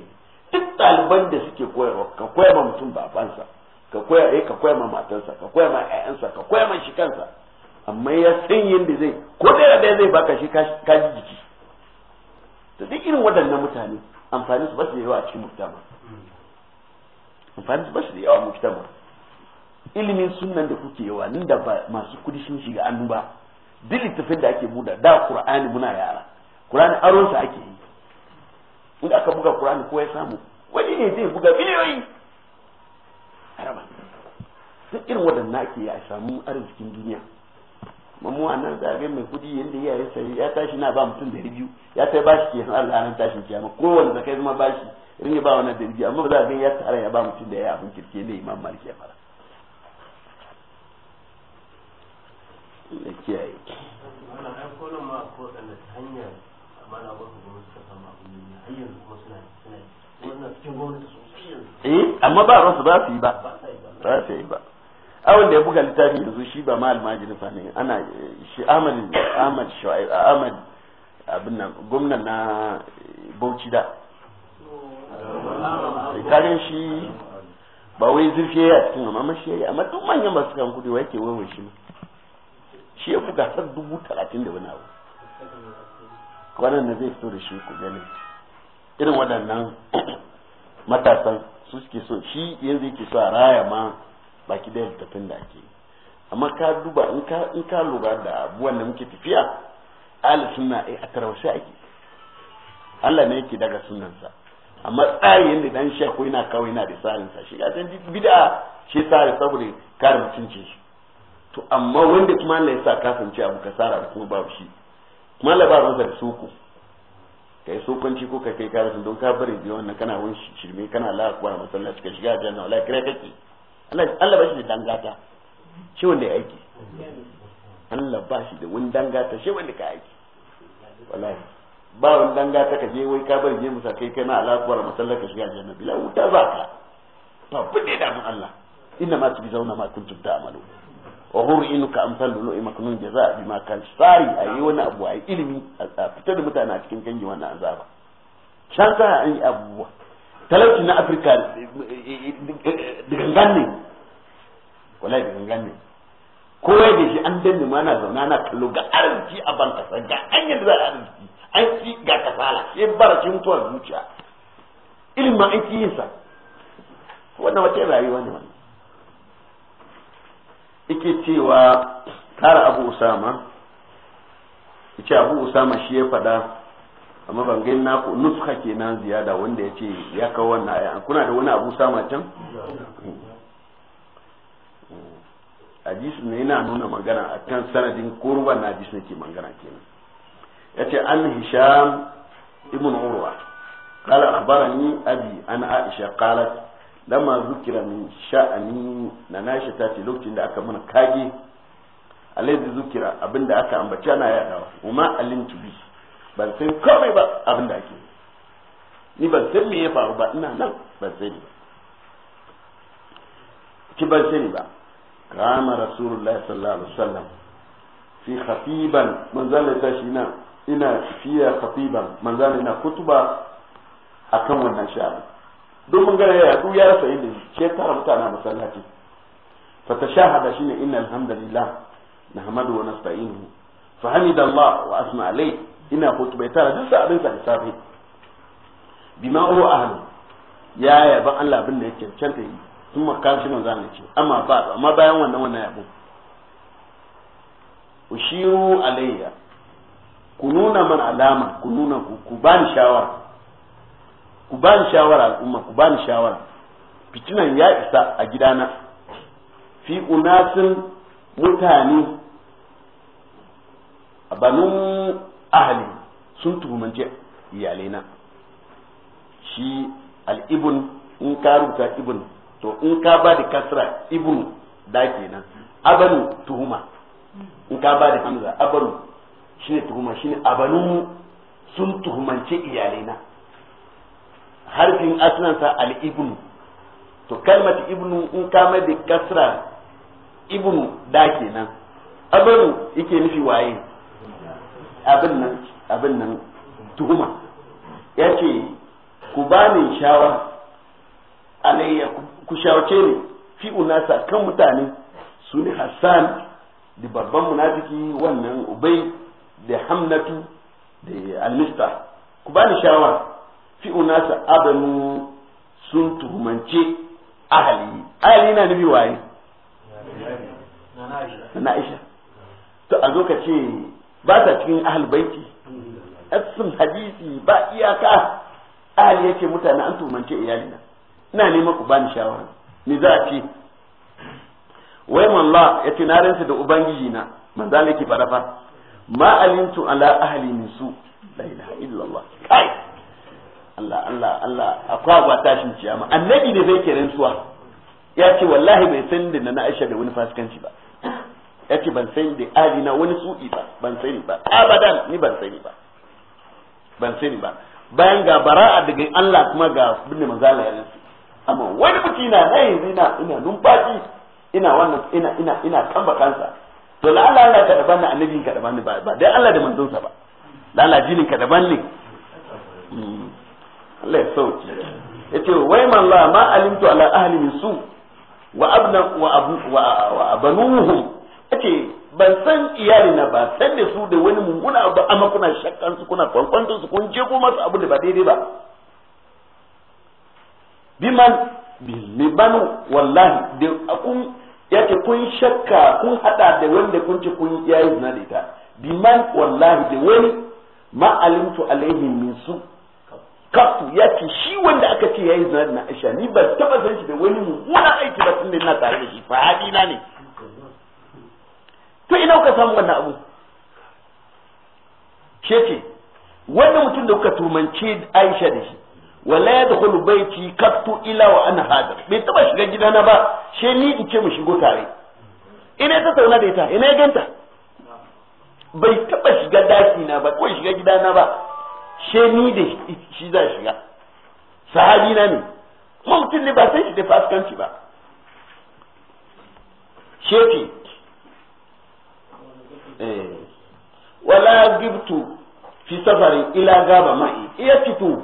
Speaker 1: duk ɗaliban da suke koyarwa ka koya ma mutum babansa ka koya eh ka koya ma matansa ka koya ma ƴaƴansa ka koya ma shi kansa amma ya san yadda zai ko ɗaya ɗaya zai baka shi kaji jiki to duk irin waɗannan mutane amfani su ba su da yawa a cikin muktama amfani su ba su da yawa a mujtama ilimin sunan da kuke yawa nan da ba masu kudi sun shiga annu ba duk littafin da ake buda da qur'ani muna yara qur'ani aron sa ake yi inda aka buga qur'ani ko ya samu wani ne zai buga miliyoyi araba duk irin waɗannan ake yi a samu arzikin duniya mu a nan zabe mai kudi yadda ya yi sai ya tashi na ba mutum da biyu ya ta bashi ke san Allah ran tashin kiyama kowanne kai zama bashi ringe ba wannan da biyu amma ba za a ya tsara ya ba mutum da ya abin kirke ne imam maliki ya fara da kiyaye
Speaker 2: eh, amma ba rasu ba su yi ba ba su yi ba
Speaker 1: awon da ya buga littafi yanzu shi ba ma almajiri fa ne ana shi ahmad ahmad shu'aib ahmad abin nan Gwamna na bauchi da kagan shi ba wai zurfiye a cikin amma shi yayi amma duk manyan masu kan kudi wai ke wawai shi shi ya fi gasar dubu talatin da wani abu Kwanan da zai fito da shi ku gani irin waɗannan matasan su suke so shi yanzu yake so a raya ma baki da littafin da ake amma ka duba in ka in ka lura da abubuwan da muke tafiya ala sunna ai a tarwasa ake Allah ne yake daga sunansa amma tsari yadda dan shi ko yana kawai yana da tsarin sa shi ga san bid'a shi tsari saboda kare mutunci shi to amma wanda kuma Allah ya sa kasance abu kasara da kuma babu shi kuma Allah ba ruwansa da soko kai sokanci ko ka kai karasin don ka bari biyo wannan kana wani shirme kana la'akwa masallaci ka shiga jannah wala kira kake Allah ba shi da dangata shi wanda ya aiki Allah ba shi da wani dangata shi wanda ka aiki wallahi ba wani dangata ka je wai ka bari je musa kai na alakuwar masallar ka shiga aljanna bila
Speaker 2: wuta za ka ba bude da mun Allah
Speaker 1: inna ma tubi zauna ma kuntum ta'malu wa hurinuka amsal lulu maknun jaza ma kan sari ayi wani abu ayi ilimi a fitar da mutane a cikin kangi wannan azaba shan ta ayi abubuwa talauci na afirka eh, eh, eh, da gangan ne wallahi da gangan ne kowa da shi an danne ma na zauna na kallo ga arziki a ban kasa ga hanyar da za a arziki an ci ga kasala sai bara shi mutuwar zuciya ilimin ma an ci yin sa wannan wace rayuwa ne wannan yake cewa tara abu usama yace abu usama shi ya fada. amma ban gani na nuska kenan ziyada wanda ya ce ya kawo wannan aya kuna da wani abu sama can hadisi ne yana nuna magana a kan sanadin kurban na hadisi yace magana kenan ya ce an hisham ibn urwa قال أخبرني أبي أن عائشة قالت لما ذكر من شأني نناشة تاتي aka دا kage من كاجي الذي ذكر أبن دا أكا أمبتشانا يا وما علمت به ban san komai ba abin da ake ni ban san me ya faru ba ina nan ban sani ba ki ban sani ba kama rasulullahi sallallahu alaihi wasallam fi khatiban manzala ta shi na ina fiya khatiban manzala na kutuba akan wannan sha'ani duk mun gane ya ya rasa inda ce tara mutane masallaci fa tashahada shine inna alhamdulillah nahmadu wa nasta'inuhu fa hamidallah wa asma ina hutu bai tara duk abin sa da safe bima uru ahlu ya yaba Allah abin da ya cancanta yi tun makar shi manzo ce amma ba amma bayan wannan wannan yabo ushiru alayya ku nuna man alama ku nuna ku ku bani shawara ku bani shawara al'umma ku bani shawara fitinan ya isa a gidana fi unasin mutane a banun ahli sun tuhumance iyalaina shi al-ibn in ka rubuta ibn to in ka ba da kasra ibn da kenan abanu tuhuma in ka ba da hamza abanu shine tuhuma shine abanu sun tuhumance iyalaina harfin asnansa al-ibn to kalmat ibnu in ka mai da kasra ibnu da kenan abanu yake nufi waye abin nan abin nan tuhuma ya ce ku ba ni shawa alayya ku shawace ni fi unasa kan mutane su ne hassan da babban munafiki wannan ubai da hamnatu da almista ku ba ni shawa fi unasa abanu sun tuhumance ahali ahali na nufi waye na na'isha to a zo ka ce ba ta cikin ahal baiti asin hadisi ba iyaka ahal yake mutane an tumance na ina neman ku bani shawara ni za a ce wai malla ya ce na rinsa da ubangiji na manzo Allah yake fara fa ma alimtu ala ahli min su la ilaha illallah kai Allah Allah Allah akwai ba tashin ciyama annabi ne zai ke rantsuwa ya ce wallahi bai san da na Aisha da wani fasikanci ba yace ban sani da alina wani su'i ba ban sani ba abadan ni ban sani ba ban sani ba bayan ga bara'a daga Allah kuma ga binne manzo Allah ya rasu amma wani mutum na nan yanzu ina ina numfashi ina wannan ina ina ina kamba kansa to la Allah Allah ka daban annabi ka daban ba ba dai Allah da manzon sa ba la Allah jinin ka daban ne hmm. Allah ya sauki yace wai man la ma alimtu ala ahli min su wa abna wa abu wa abanuhum ce ban san iyali na ba san da su da wani munguna ba amma kuna shakkan su kuna kwankwantar su kun je su abu da ba daidai ba biman banu wallahi da kun yake kun shakka kun hada da wanda kun ce kun yayi zina da ita biman wallahi da wani ma alimtu alaihi min su kafu yake shi wanda aka ce yayi zina da Aisha ni ba taba san shi da wani munguna aiki ba tunda ina tare da shi fa na ne to ina kuka samu wannan abu she ce wanda mutum da kuka tumance Aisha da shi wala yadkhulu baiti kattu ila wa ana hadir bai taba shiga gidana ba she ni in ce mu shigo tare ina ta sauna da ita ina ya ganta bai taba shiga daki na ba ko shiga gidana ba she ni da shi za shiga sahabi na ne mutum ne ba sai shi da fasikanci ba shefi Hmm. wala gibtu fi safari ila gaba ma'i iya fito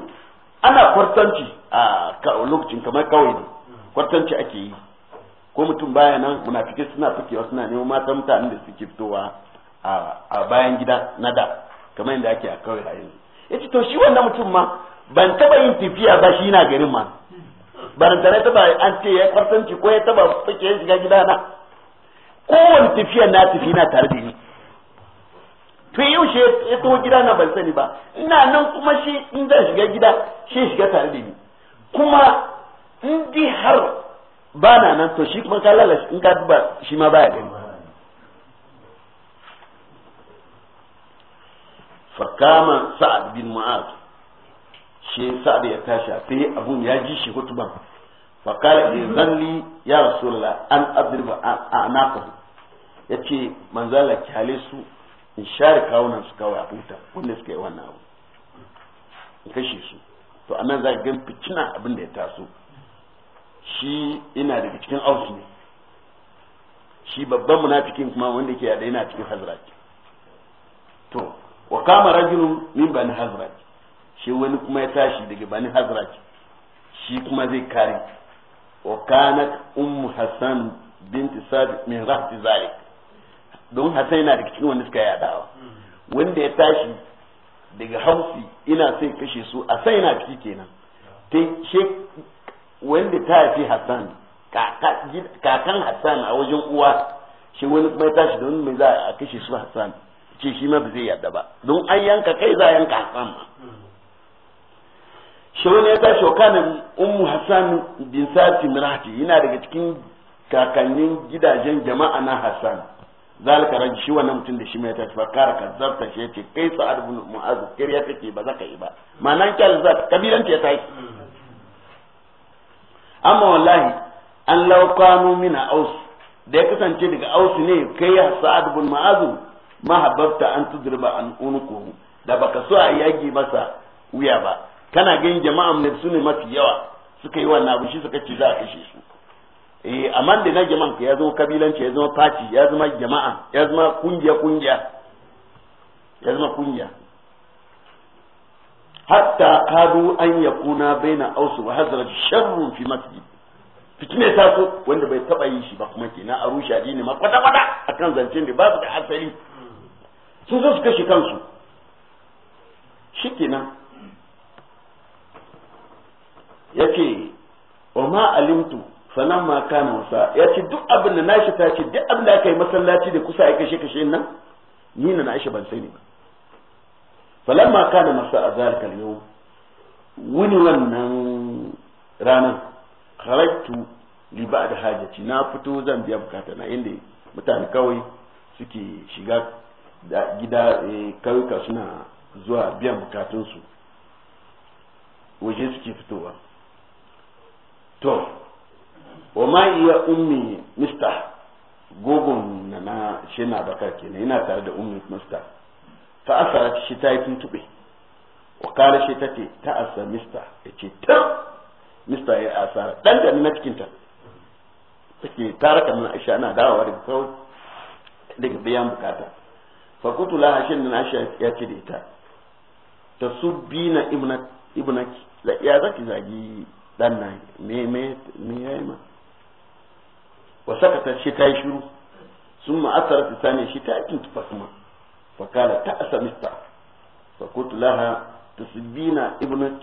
Speaker 1: ana kwartanci a lokacin kamar kawai ne kwartanci ake yi ko mutum baya nan munafike suna fikewa suna neman matan mutanen da suke fitowa a bayan gida na da kamar yadda ake a kawai a yanzu ci to shi wannan mutum ma ban taba yin tafiya ba shi na garin ma ban tare taba an ce ya kwartanci ko ya taba fike shiga gida na kowane tafiya na tafi na tare da ni to yau shi ya taho gida na ban sani ba ina nan kuma shi in zan shiga gida shi shiga tare da ni kuma in di har ba na nan to shi kuma ka lalace in ka duba shi ma baya gani fakama sa'ad bin mu'az shi sa'ad ya tashi sai abun ya ji shi hutuban fakala in li ya rasulullah an adriba anaqahu yace manzala kyale su in share kawunan su kawai a huta wanda suka yi wannan abu in kashe su to a nan za ka gan fitina abin da ya taso shi ina daga cikin ausu ne shi babban munafikin kuma wanda ke yada yana cikin hazrat to wa kama rajulun min bani hazrat shi wani kuma ya tashi daga bani hazrat shi kuma zai kare wa kanat ummu hasan binti sabi min rahti zalik don Hassan yana daga cikin wanda suka yadawa wanda ya tashi daga hausi ina sai kashe su Hassan yana ciki kenan ta she wanda ta haifi Hassan kakan Hassan a wajen uwa shi wani kuma ya tashi don me za a kashe su Hassan ce shi ma ba zai yadda ba don an yanka kai za a yanka Hassan ma shi wani ya tashi wa kanin ummu Hassan bin Sati Mirati yana daga cikin kakannin gidajen jama'a na Hassan zalika raji shi wannan mutum da shi mai tashi fakara kazzabta shi yace kai sa'ad ibn mu'az kariya kake ba zaka yi ba malan kyal zat ce ya tashi amma wallahi an law kanu mina aus da ya kasance daga aus ne kai ya sa'ad ibn mu'az ma habbabta an tudriba an unukuhu da baka so a yage masa wuya ba kana ganin jama'an ne su ne mafi yawa suka yi wannan abu shi suka ce za a kashe su eh amma da na jama'an ya zo kabilanci ya zama fati ya zama jama'a ya zama kungiya kungiya ya zama kungiya hatta kadu an kuna baina ausu wa hazrat sharru fi masjid fitina ta so wanda bai taba yi shi ba kuma kenan a rushe addini ma kwata kwata akan zancen da babu da asali sun zo su kashe kansu shikenan yake wa ma alimtu falan ma kana wasa ya ce duk abin da nashi ta ce duk abin da aka yi masallaci da kusa ya kashe kashe nan ni na nashi ban sani ba falan ma kana masa a zalika yau wani wannan ranar kharaitu li ba'da hajati na fito zan biya bukata na inda mutane kawai suke shiga gida eh, kauyuka suna zuwa biyan bukatunsu waje suke fitowa to wa ma iya ummi mista gogon na na shi na baka kenan yana tare da ummi mista ta asara shi ta yi tuntube wa kare shi ta ce ta asa mista ya ce ta mista ya asara dan da na cikinta take tara kamar aisha ana dawowa da kawai daga biyan bukata fa kutu la hashin na aisha ya ce da ita ta na ibnaki ya zaki zagi dan na me me me yayi ma wa sakata shi ta yi shiru sun ma'asara ta sani shi ta yi tufa kuma kala ta asamista fakutu laha ta subina ibnat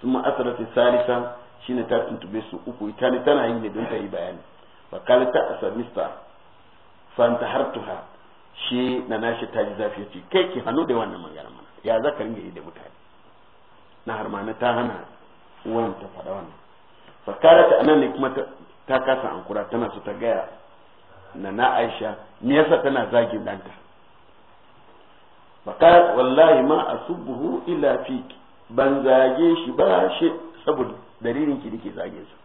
Speaker 1: sun ma'asara ta salisa shi ne ta tuntube su uku ita ne tana yin da don ta yi bayani fa kala ta asamista fanta hartuha shi na nashi ta ji zafi ce kai ki hannu da wannan magana mana ya za ka yi da mutane na harmana ta hana uwan ta faɗa wannan kala ta anan ne kuma ta kasa ankura tana so ta gaya na na aisha me yasa tana zagin danta
Speaker 2: fakar wallahi
Speaker 1: ma asubuhu illa fi ban zage shi ba shi saboda dalilin ki dake zage shi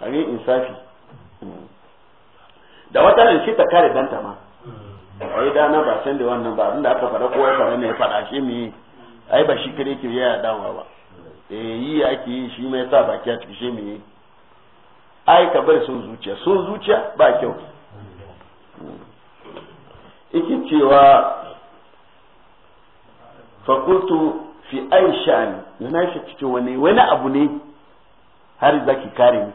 Speaker 1: kare insafi da wata ran shi ta kare danta ma ai da na ba san da wannan ba abinda aka fara kowa ya fara ne ya fara shi me ai ba shi kare ki ya dawo ba eh yi ake yi shi mai sa baki a cikin shi me ai ka bari son zuciya son zuciya ba kyau iki cewa fakultu fi ai sha'ani na shi cikin wani wani abu ne har zaki kare ni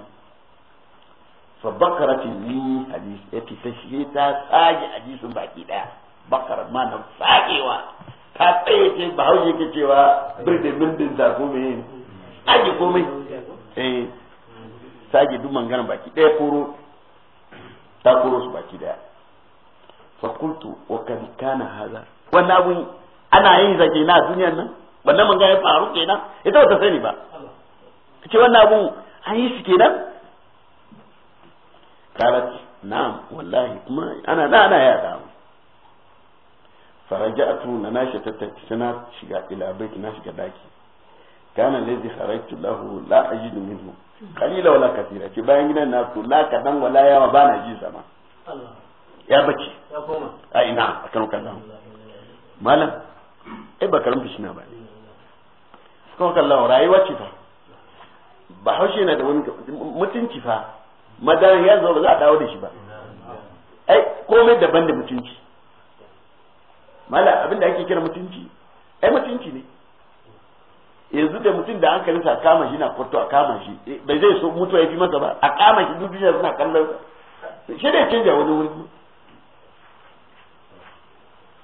Speaker 1: fa bakara li hadis yace ta shi ta tsage hadisin baki daya bakara ma na tsagewa ta tsaye ce ba hauke ke cewa birnin birnin zargo mai aji komai eh sage duk mangana baki ɗaya koro ta koro su baki daya fa qultu wa kad kana hadha wannan abun ana yin zage na duniyar nan wannan mangana ya faru kenan ita ba ta sani ba kace wannan abun an yi shi kenan karat na'am wallahi kuma ana da ana ya da tattaki نناشة shiga ila إلى na shiga daki kana lazi خرجت lahu la ajidu minhu kalila wala kasira ce bayan gidan na to la kadan wala yawa ba na ji sama
Speaker 2: ya bace ya koma a ina
Speaker 1: a kan kaza malam eh ba shi na ba kuma kallon rayuwa ce fa ba haushe na da wani mutunci fa madan ya zo ba za a dawo da shi ba ai komai daban da mutunci mala abinda ake kira mutunci ai mutunci ne yanzu da mutum da hankalinsa a kama shi na kwato a kama shi eh, bai zai so mutuwa ya fi masa ba a kama shi duk duniya suna kallon shi da canja wani wuri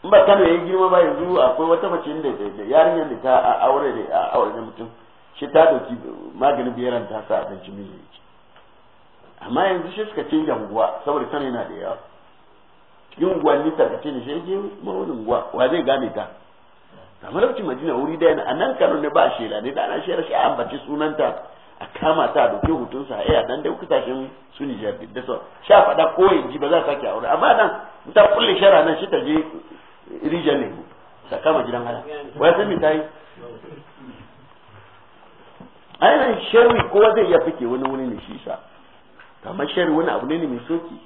Speaker 1: in ba kano ya girma ba yanzu akwai wata mace da yarinyar da ta aure da aure da mutum shi ta dauki maganin biyaran ta sa a abinci mai yake amma yanzu shi suka canja unguwa saboda kano yana da yawa unguwanni tarkace ne shi ya samarauci majina wuri da yana a nan kano ne ba shela ne da ana shela shi a ambaci sunanta a kama ta doke hutun sa a nan dai kasashen su Nijar da so sha fada ko yanzu ba za ta sake aure amma nan ta kulle shara nan shi ta je rijiyar ne ta kama gidan hala wai sai mi ta yi ainihin sharri kowa zai iya fike wani wani ne shi sa kamar sharri wani abu ne mai soki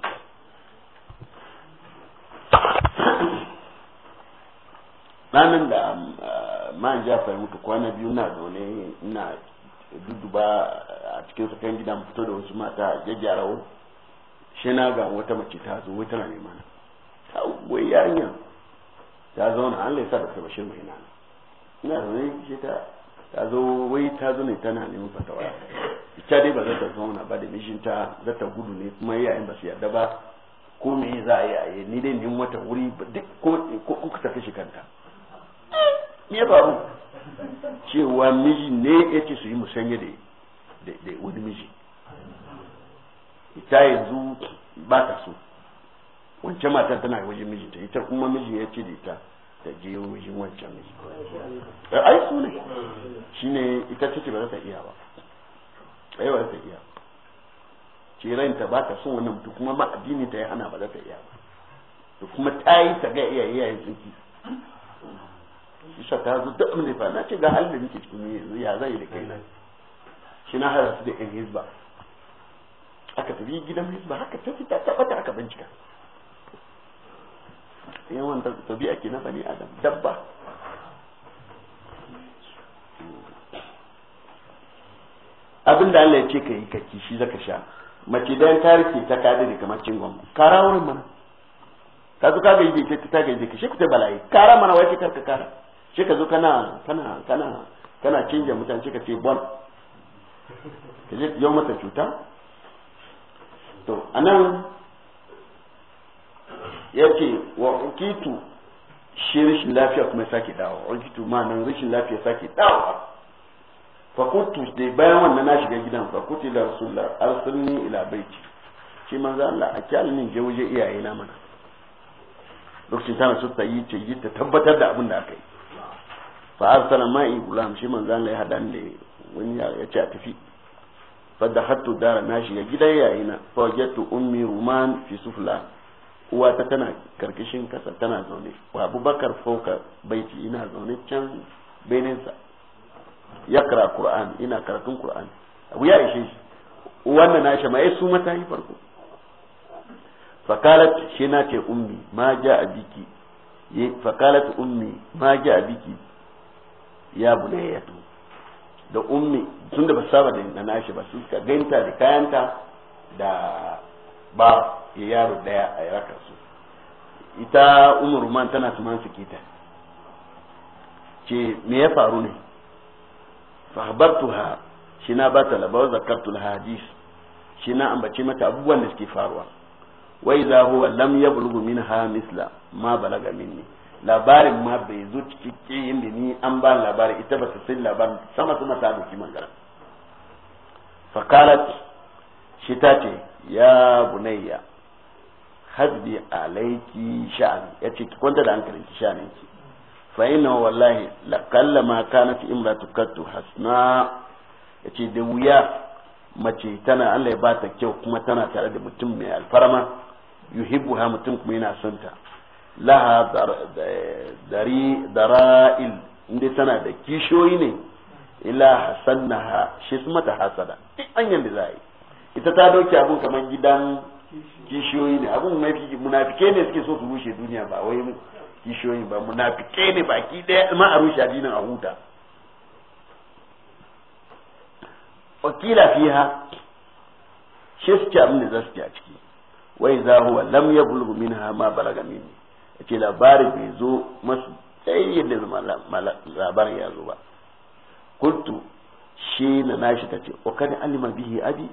Speaker 1: ranar da um, uh, ma'an jafar mutu kwana biyu na zaune ina duduba a cikin sakan gida mu fito da wasu mata gyaggyara jajjarawo shi na ga wata mace ta zo wata na neman ta wai yarinya ta zauna an laisa da sabashin mai nana ina zaune shi ta ta zo wai ta zo ne tana neman fatawa ita dai ba za ta zauna ba da mijinta za ta gudu ne kuma yayin ba su yarda ba ko me za a yi a yi ni dai neman wata wuri duk ko kuka tafi shi kanta me ya faru cewa miji ne ya ce su yi musanye da wani miji ita yanzu ba ta so wancan matan tana wajen mijinta ita kuma miji ya ce da ita da je wajen wancan
Speaker 2: miji ai su ne
Speaker 1: shi ne ita ce ba za ta iya ba ai ba za ta iya ce ranta ba ta son wannan mutum kuma ma addini ta ya hana ba za ta iya ba kuma ta yi ta ga iyaye yayin suki isa ta zo duk mun fa na ce ga Allah da nake cikin yanzu ya zai da kaina shi na hada su da yan hizba aka tafi gidan hizba haka ta fita ta bata aka bincika yawan tabi'a ake na bani adam dabba abin da Allah ya ce ka yi ka kishi zaka sha mace da ta rike ta kada da kamar cingon kara wurin mana ka zo ka gaje ta ta gaje ka shi ku ta bala'i kara mana wai ka karka kara shi ka zo kana kana kana kana canja mutane shi ka ce bon ka je yau mata cuta to anan ya ce wa ukitu shi rashin lafiya kuma ya sake dawo ukitu ma nan rashin lafiya sake dawo fakutu da bayan wannan na shiga gidan fakutu da rasulullah arsalni ila baiti shi manzo Allah a kyalin je waje iyaye na mana lokacin tana so ta yi ce yi ta tabbatar da abin da aka yi fa arsala ma'i gulam shi manzan ya hadan da wani ya ce a tafi fa da hattu dara na shiga gidan yayina fa wajatu ummi ruman fi sufla uwa ta tana karkashin kasa tana zaune wa abubakar fauka baiti ina zaune can beninsa ya kara qur'an ina karatun qur'an abu ya ishe shi wannan na shi mai eh, su mata yi farko fakalat shi na ce ummi ma ja biki fakalat ummi ma ja biki ya bude ya tu da ummi tunda ba saba da na nashi ba su ka ganta da kayanta da ba ya yaro daya a raka su ita umar man tana tuman su kita ce me ya faru ne fahbartuha shi na ba ta labar zakartul hadis shi na ambace mata abubuwan da suke faruwa wai za huwa lam yablughu minha misla ma balaga minni labarin ma bai zo cikin yadda ni an ba labari ita ba ta san labarin sama sama ta doki magana fakalat shi ta ce ya bunayya hadbi alaiki sha'ani ya ce ki kwanta da hankalinki sha'aninki fa ina wallahi kalla ma fi imratu kattu hasna yace da wuya mace tana Allah ya bata kyau kuma tana tare da mutum mai alfarma yuhibbuha mutum kuma yana son ta laha dari dara'il inda tana da kishoyi ne ila hasannaha shi su mata hasada duk hanyar da za ita ta dauke abun kamar gidan kishiyoyi ne abun mafi munafike ne suke so su rushe duniya ba wai kishiyoyi ba munafike ne baki daya ma a rushe addinin a huta wakila fiha shi suke abin da za su a ciki wai za huwa lam yablugh minha ma balaga minni yace labarin bai zo masu tsayin yadda labarin ya zo ba kuntu shi na nashi ta ce o kan alima bihi abi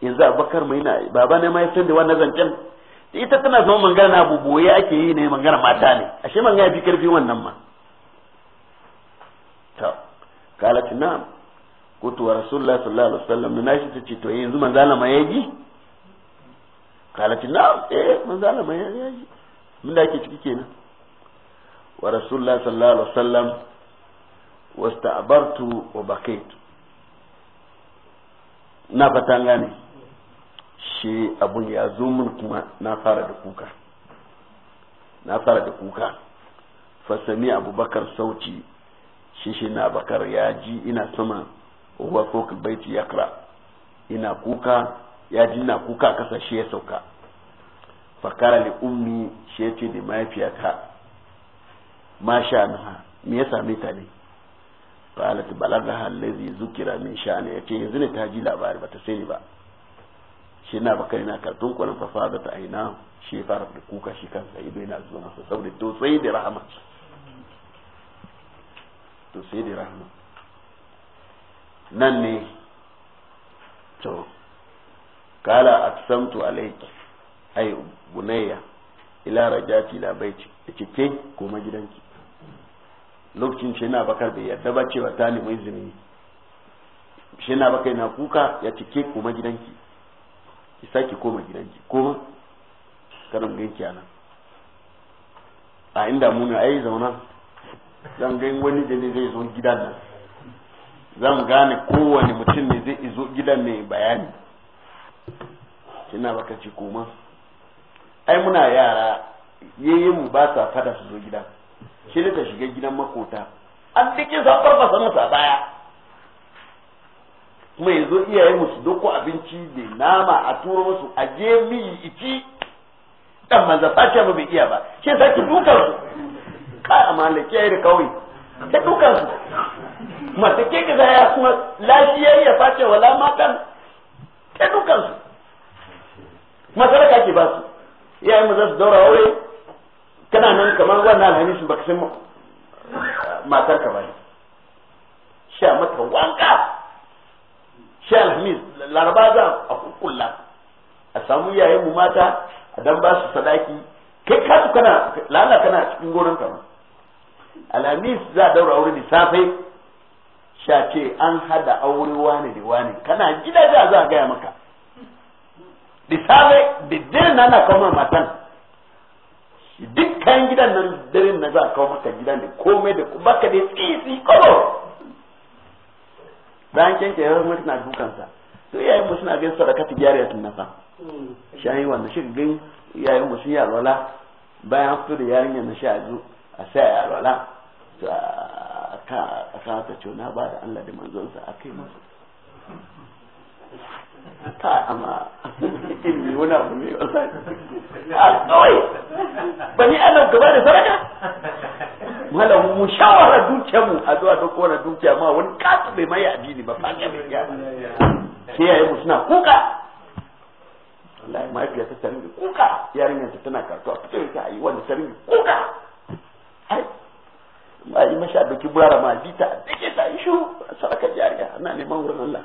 Speaker 1: yanzu abakar mai na baba ne ma ya san da wannan zancen ita tana zama mangana na abu boye ake yi ne mangana mata ne a shi mangana fi karfi wannan ma to kalat na kuntu wa rasulullah sallallahu alaihi wasallam na shi ta ce to yanzu manzala ma ya yi na'am eh
Speaker 2: manzala ma yaji
Speaker 1: mun da ake ciki kenan wa rasulullah sallallahu alaihi wasallam wasta'bartu wa bakaitu na fata gane shi abun ya zo min kuma na fara da kuka na fara da kuka fasami abubakar sauci shi shi na bakar ya ji ina sama wa ko baiti yakra ina kuka ya ji na kuka kasa shi ya sauka fakara li ummi shi yace da mahaifiyata ma sha naha me ya same ta ne qalat balaga allazi zukira min sha'ani yace yanzu ne ta ji labari bata sani ba shi na baka ina kartun kwanan fasada ta aina shi ya fara kuka shi kansa ido yana zuwa masa saboda to sai da rahama to sai da rahama nan ne to kala aqsamtu alayki ayyub bunayya ila rajati la baiti yace ke koma gidanki lokacin shi na bakar bai yadda ba cewa talibin izini shi na bakai na kuka ya ce ke koma gidanki ki sake koma gidanki koma karin ganki anan a inda muna ai zauna zan gani wani jini zai zo gidan nan zan gane kowane mutum ne zai izo gidan mai bayani shi na bakar ce koma ai muna yara yayi mu ba sa fada su zo gidan shi ne ta shiga gidan makota an dike sa farfasa sa baya kuma yanzu iyaye musu doko abinci da nama a turo musu a je mi ici dan manza face ba bai iya ba shi sa ki dukan su ka amana ke da kawai ta dukan su ta ke ga ya kuma lafiya ya face wala matan ta dukan su masaraka ke ba su ya mu za su daura aure kana nan kamar wannan alhamisin baka san matar ka bane sha mata wanka sha alhamis laraba za a hukulla a samu yayin mu mata a dan ba su sadaki kai ka su kana lana kana cikin gonan ka alhamis za a daura aure da safe sha ce an hada aure wane da wane kana gida za a gaya maka da safe da dare na na kawo matan dukkan gidan nan dare na za kawo maka gidan da komai da ka da
Speaker 2: tsitsi kawo
Speaker 1: bayan kyanke yawon mutu na dukansa to iyayen mu suna gaisa da kati gyara yatin nasa shayi wanda shi gan yayin mu sun yi alwala bayan fito da yarinyar na sha zo a sa ya alwala to a ka ta na ba da Allah da manzonsa a kai masu
Speaker 2: ta amma ilmi wani abu ne a kawai ba ni adam gaba da saraka. malamu mu shawara
Speaker 1: dukiyar mu a zuwa duk wani dukiya ma wani kasu bai mai addini ba fanya bai ya sai yayi mu suna kuka wallahi mahaifiya ta tarin kuka yarinyar ta tana karatu a fitar ta yi wanda tarin kuka ai ma yi masha doki burara ma a dake ta yi shu saraka jariya ana neman wurin Allah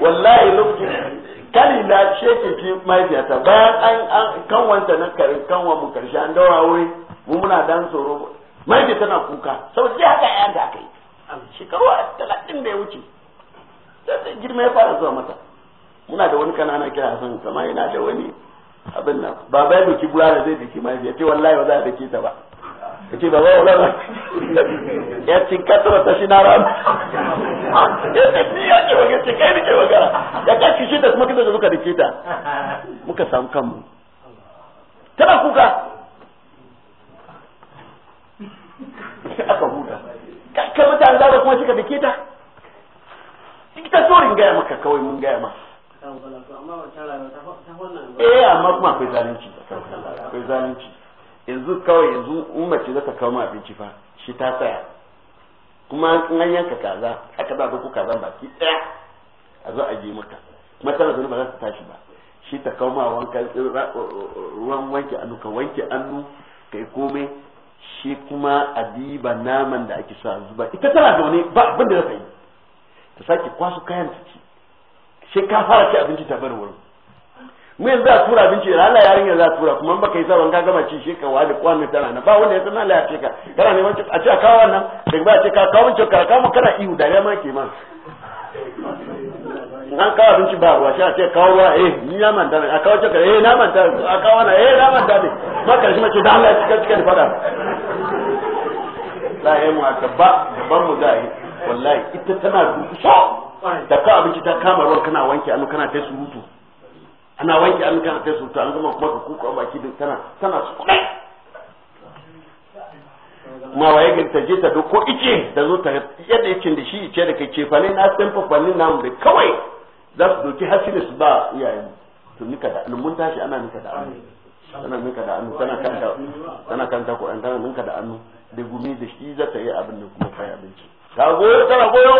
Speaker 2: wallahi lokacin
Speaker 1: kani na sheke ki mahaifiyata bayan an kanwanta na kare kanwa mu karshe an daura wuri mu muna dan tsoro mahaifi tana kuka saboda sai haka yayan da kai shekaru talatin da ya wuce sai girma ya fara zuwa mata muna da wani kanana kira san kama yana da wani abin nan baba ya doki bula da zai dake mahaifiya ce wallahi ba za a dake ta ba
Speaker 2: ba baba wala ba
Speaker 1: ya ce katara ta shi na ran
Speaker 2: ya ce ni ya ce waga ce kai ne ke waga ya ka shi da kuma kinda
Speaker 1: da muka dace ta muka samu kanmu tana kuka
Speaker 2: sai aka huta
Speaker 1: ka mutane da kuma suka dake ta ita so in gaya maka kawai mun gaya maka
Speaker 2: eh amma kuma akwai zalunci akwai
Speaker 1: zalunci yanzu kawai yanzu Umarci za ta kawo ma abinci fa shi ta tsaya kuma an yanka kaza aka ba ku kazan baki ɗaya a zo a je maka kuma tana zuwa ba za ta tashi ba shi ta kawo ma wanka ruwan wanke annu ka wanke annu ka yi komai shi kuma a diba naman da ake sa zuba ita tana zaune ba abin da za ta yi ta sake kwasu kayan ta ci shi ka fara ci abinci ta bar wurin mu yanzu za a tura abinci da Allah yarinya za a tura kuma baka yi saban ka gama ci shi ka wani kwanin tana na ba wanda ya san Allah ya ce ka kana neman a ce a kawo wannan daga ba a ce ka kawo mun ka kawo kana ihu dariya ma ke ma an kawo abinci ba ruwa shi a ce kawo ruwa eh, eh na manta ne a kawo eh na manta a kawo na eh na manta ne karshe mace da Allah ya cika cika da fada
Speaker 2: la mu gaban mu zai wallahi ita tana da ka abinci ta kama ruwan
Speaker 1: kana wanke hannu ana wanke an kana kai sulta an zama kuma ka kuka a baki duk tana tana su kudai ma waye gari ta je ta ko ice da zo ta yadda yake da shi ice da kai ce fa ne na san fafannin namu da kawai za su doki hasilis ba iyayen to nika da mun tashi ana nika da annu tana nika da annu tana kanta tana kanta ko tana nika da annu da gumi da shi za ta yi abin da kuma kai abinci ta goyo tana goyo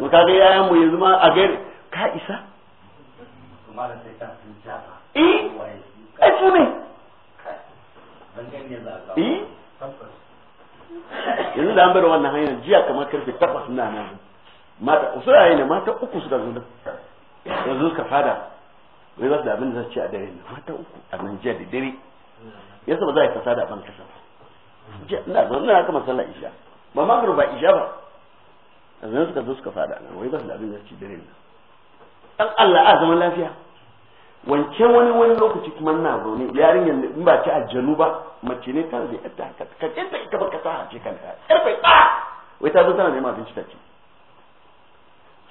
Speaker 1: mu kaga yayan mu yanzu ma a gari ka isa
Speaker 2: eh ai su ne eh yanzu da an
Speaker 1: bar wannan hanyar jiya kamar karfe takwas na nan mata usura yana mata uku suka zo da yanzu suka fada wai za su da abin da za a dare na mata uku a nan jiya da dare Ya saba za a yi fasada a ban kasa ina zo na kama sallar isha ba magar ba isha ba yanzu suka zo suka fada nan wai ba su da abin da za dare na dan Allah a zaman lafiya wance wani wani lokaci kuma na zaune yarinyar in ba ci aljanu ba mace ne ta zai yadda haka ka kinta ka baka sa hace kanta karfe ba wai ta zo tana neman abinci ta ci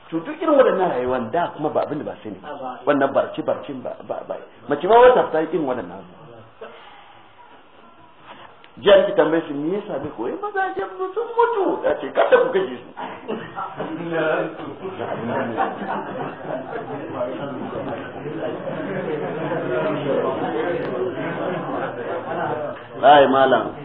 Speaker 1: to duk irin waɗannan rayuwar da kuma ba abin da ba sai ne wannan barci barcin ba ba mace ma wata ta irin waɗannan abubuwa jiya ki
Speaker 2: tambaye shi me yasa ne koyi eh, mazaje mu sun mutu ya ce kada ku kaje su ai malam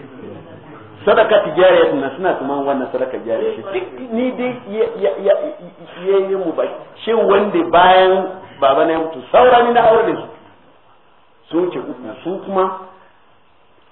Speaker 1: sadaka tijariya na suna kuma wannan sadaka jariya shi duk ni dai ya yi mu ba shi wanda bayan baba na ya mutu saura na aure da su sun ce uku su kuma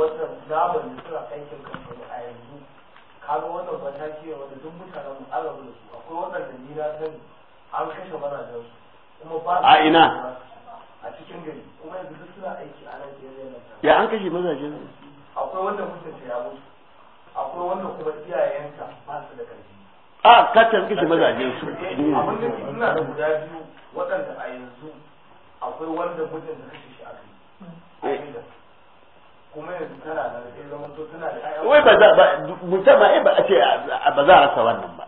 Speaker 2: wannan zamani suna aikin kansu a yanzu kaga wannan mataki ne wanda duk mutanen mu an rabu da su akwai waɗanda ni na sani an kashe mazajen su kuma ba a ina a cikin gari kuma yanzu duk suna aiki a nan Najeriya ya an kashe mazajen su akwai wanda mutunta ya mutu akwai wanda kuma iyayensa ba su da ƙarfi a
Speaker 1: katan kashe mazajen su eh, abin da ina. da guda
Speaker 2: biyu waɗanda a yanzu akwai wanda mutunta kashe shi a kai eh. kuma yanzu tana da sai zaman to tana da ayyawa wai ba za ba
Speaker 1: mutum ai eh, ba a ce ba za a rasa wannan ba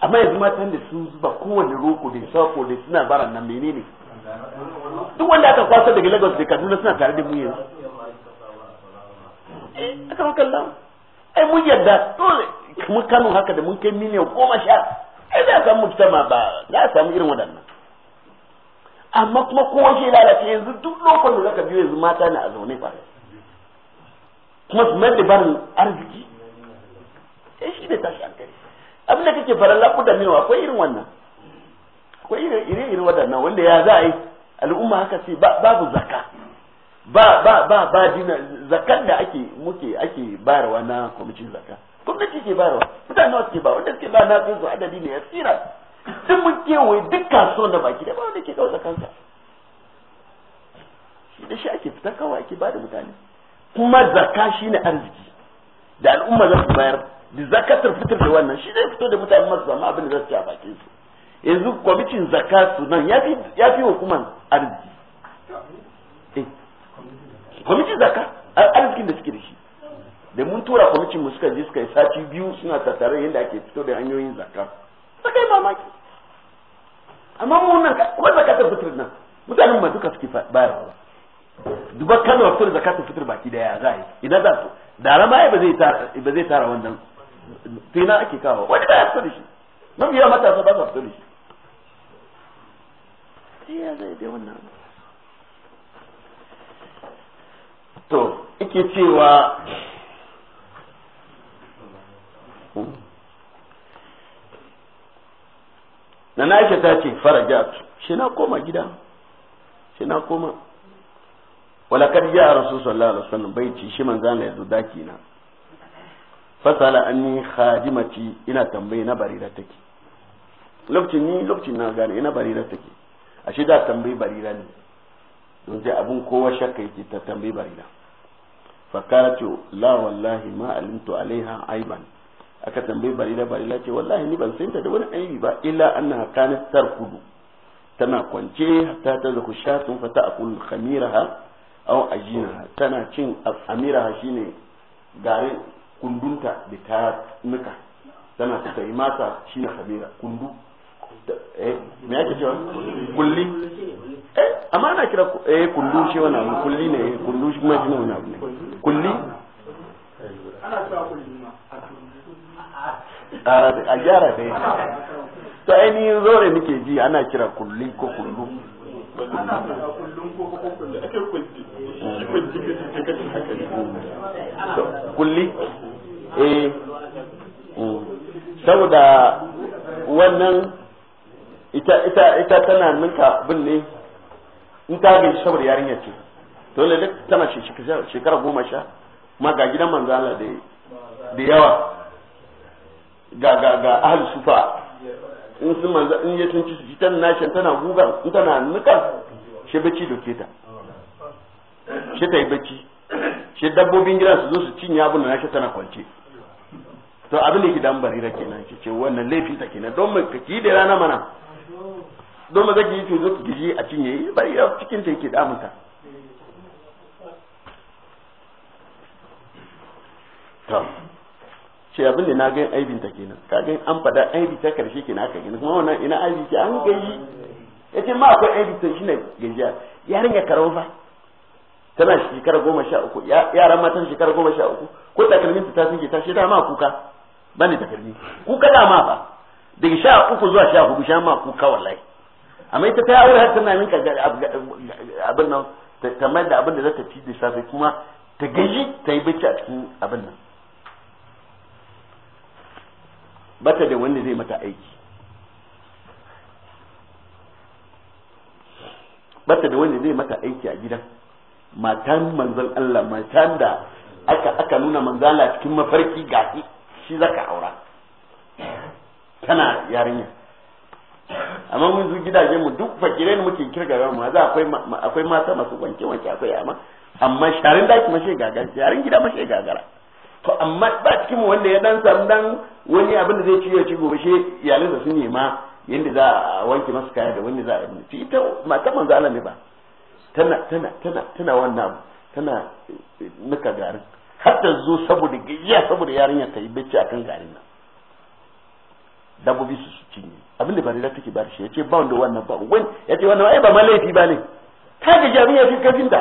Speaker 1: amma yanzu matan da su ba kowane roko da sako da suna baran nan menene
Speaker 2: duk wanda aka kwasa daga Lagos da Kaduna suna
Speaker 1: tare da mu yanzu eh aka maka Allah ai mun yarda dole kuma Kanu haka da mun kai miliyan goma sha ai za a samu mujtama ba za a samu irin waɗannan amma kuma kowa shi lalace yanzu duk lokacin da ka biyo yanzu mata na a zaune ba. kuma su mayar da barin arziki ya eh, shi ne tashi kai abin da kake faran lakuda mewa akwai irin wannan akwai irin irin wadannan wanda ya za a yi al'umma haka ce babu zaka ba ba ba ba dina zakan da ake muke ake bayarwa na kwamitin zaka gwamnati ke bayarwa mutane wasu ke ba wanda suke ba na tsinsu adadi ne ya tsira sun mun kewaye duk kasuwan da baki da ba wanda ke kawo zakansa shi da shi ake fita kawai ake ba da mutane kuma zakka ne arziki da al'umma za su bayar da zakatar fitar da wannan shi zai fito da mutane masu zama abin da za su ci a bakin su yanzu kwamitin zakka su nan ya fi hukuman arziki eh, kwamitin zakka arzikin da suke da shi da mun tura kwamitin mu suka je suka yi sati biyu suna tattare yadda ake fito da hanyoyin zakka suka yi mamaki amma mu nan ko zakatar fitar nan mutanen ma duka suke bayarwa duba kano fito da zakatun fitar baki da ya zai idan za su da rama ba zai tara wannan tina ake kawo wani ba ya fito da shi mabiya matasa ba su fito da shi
Speaker 2: sai ya zai dai wannan
Speaker 1: to ike cewa na na ta ce farajat shi na koma gida shi na koma walakar ja rasul sallallahu alaihi wasallam bai ci shi manzo Allah ya zo daki na fasala anni khadimati ina tambaye na barira take lokacin ni lokacin na gane ina barira take a ashe da tambayi barira ne don sai abun kowa shakka yake ta tambayi barira fakara ce la wallahi ma alimtu alaiha aiban aka tambayi barira barira ce wallahi ni ban santa da wani aibi ba illa annaha kanat tarkudu tana kwance hatta ta zaku shatun fa ta'kul khamiraha au ajina tana cin amira ne garin kundunta da ta nuka tana ta yi mata shine samira kundu eh, me yake cewa kulli eh amma ana kira eh kundu shi wani abu kulli ne kundu shi kuma ne wani abu ne kulli
Speaker 2: ana cewa kulli ma a gyara dai to
Speaker 1: ainihin zore muke ji ana kira kulli ko kullu
Speaker 2: kullum ko kullum ake kulli kulli eh mm. saboda
Speaker 1: wannan ita ita ita tana ninka bin ne in ta ga shabar yarinya ce dole duk tana shekara goma sha ma ga gidan manzala da da yawa ga ga ga ahli sufa in sun manza in ya tunci su tana nashin tana gugan in tana nukar shi bace doke ta
Speaker 2: shi ta yi bacci
Speaker 1: shi dabbobin gida su zo su cinye abin da nashi tana kwance to abin da yake dan barira kenan ki ce wannan laifin ta kenan don mai kaki da rana mana don mai zaki yi zo ki ji a cinye ya cikin ta yake damunta to ce abin da na ga aibin ta kenan ka ga an fada aibi ta karshe kenan aka gani kuma wannan ina aibi ke an gayi yace ma akwai aibi to shine gajiya yarinya karawa fa tana shekara goma sha uku yaran matan shekara goma sha uku ko takalmin ta sun ta shi ma kuka ba ne takalmi kuka da ma ba. daga sha uku zuwa sha hudu sha ma kuka wallahi amma ita ta aure har tana minka abin nan ta mai da abin da zata ci da safe kuma ta gaji ta yi bacci a cikin abin nan bata da wanda zai mata aiki bata da wanda zai mata aiki a gidan matan manzon Allah matan da aka aka nuna manzala cikin mafarki ga shi zaka aura tana yarinya amma mun zo gidaje mu duk fakirai ne muke kirga mu maza akwai akwai mata masu wanke wanke akwai amma amma sharin daki mashe gagara sharin gida mashe gagara to amma ba cikin mu wanda ya dan samu dan wani abin da zai ciye ci gobe shi iyalinsa sun nema yanda za a wanke masu kaya da wani za a yi ita mata manzo Allah ne ba tana tana tana tana wannan abu tana nika garin har ta zo saboda gayya saboda yarinya ta yi bacci akan garin nan dabbobi su su cinye abin da barira take bari shi yace ba wanda wannan ba wani yace wannan ai ba ma laifi ba ne ta ga jami'a fi kafin da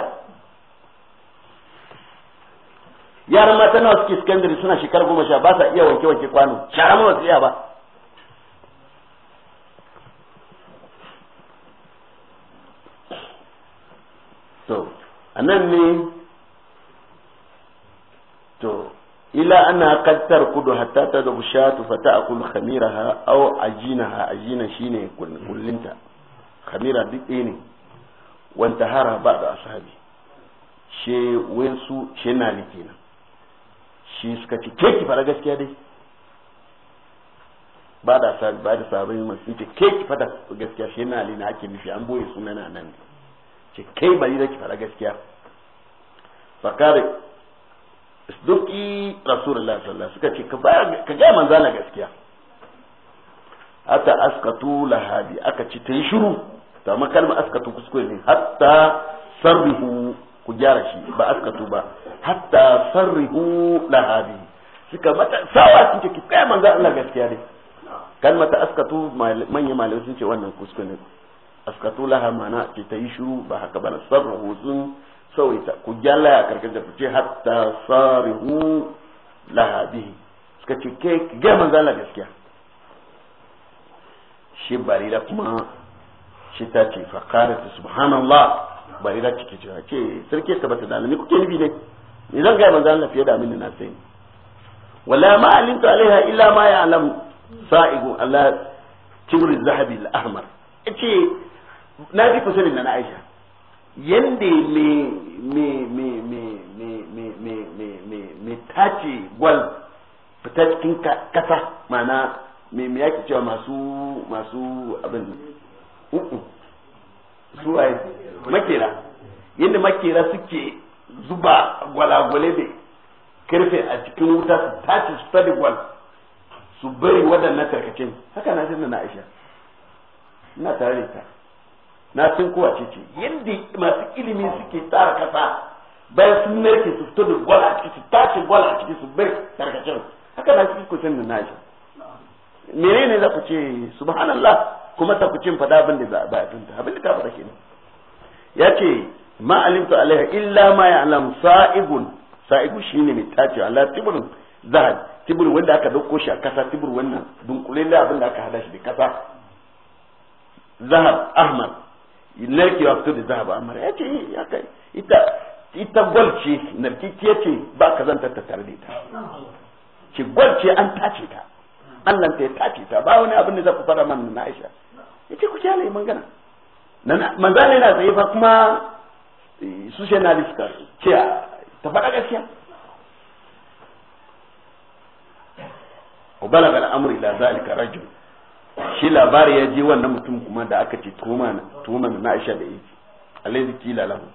Speaker 1: yaran mata nawa suke secondary suna shekara goma sha ba sa iya wanke wanke kwano shara ma ba su iya ba to anan ne to ila ana kattar kudu hatta ta da bushatu fa ta akul khamiraha aw ajinaha ajina shine kullinta khamira duk ɗaya ne wanta hara ba da ashabi she su she nali kenan shi suka ce keki fara gaskiya dai ba da ashabi ba da sabai masu ce keki fara gaskiya she nali na ake nufi an boye sunana nan ne ce kai bari da ki fara gaskiya fakare duki rasulullah sallallahu suka ce ka ga manzana gaskiya hatta askatu lahabi aka ci ta yi shiru ta amma kalma askatu kuskure ne hatta sarrihu ku gyara shi ba askatu ba hatta sarrihu lahabi suka mata sawa suke ki tsaya manzo Allah gaskiya ne kalmar ta askatu manya malamai sun ce wannan kuskure ne askatu laha mana ce ta yi shiru ba haka bana sarrahu sun sauyita ku gyala a karkar da fice hatta sarihu laha bihi suka ce ke ga la gaskiya shi barira kuma shi ta ce fa ta subhanallah barira cike ce ce sarki ta bata dalilin kuke nubi ne ni zan ga manzala fiye da amina na sai wala ma alimtu alaiha illa ma ya alam sa'igu Allah cimri zahabi al-ahmar ce na ji kusurin na Aisha yanda me me me me me me me me me me tace gwal fita cikin kasa mana me me yake cewa masu masu abin su waye makera yanda makera suke zuba gwalagwale da karfe a cikin wuta su tace su tada gwal su bari waɗannan tarkacin haka na na Aisha ina tare da ta na san kowa ce ce yadda masu ilimi suke tsara kasa bayan sun narke su fito da gwal a ciki su tashi gwal a ciki su bai tarkacin haka na cikin kusan da nashi ne za ku ce subhanallah kuma ta ku cin fada abin da ba a tunta abin da ka fada kenan ya ce ma alimtu alaiha illa ma ya'lam sa'ibun sa'ibu ne mai tace ala tiburin zahad tibur wanda aka dauko shi a kasa tibur wannan dunkule da abin da aka hada shi da kasa zahab ahmad narki ya fito da zahaba amara ya ce eh, ya kai ita ita gwalce narki narkikiya ce ba ka zanta ta tare da ita ce gwalce an tace ta Allah ta ya tace ta ba wani abin da za ku fara man na Aisha ya ce ku ce kyale magana manzana yana zai fa kuma eh, su ce na lista ce ta faɗa gaskiya وبلغ الامر الى zalika rajul shi labari ya je wannan mutum kuma da aka ce tuma na Aisha da yi alaihi kila lahu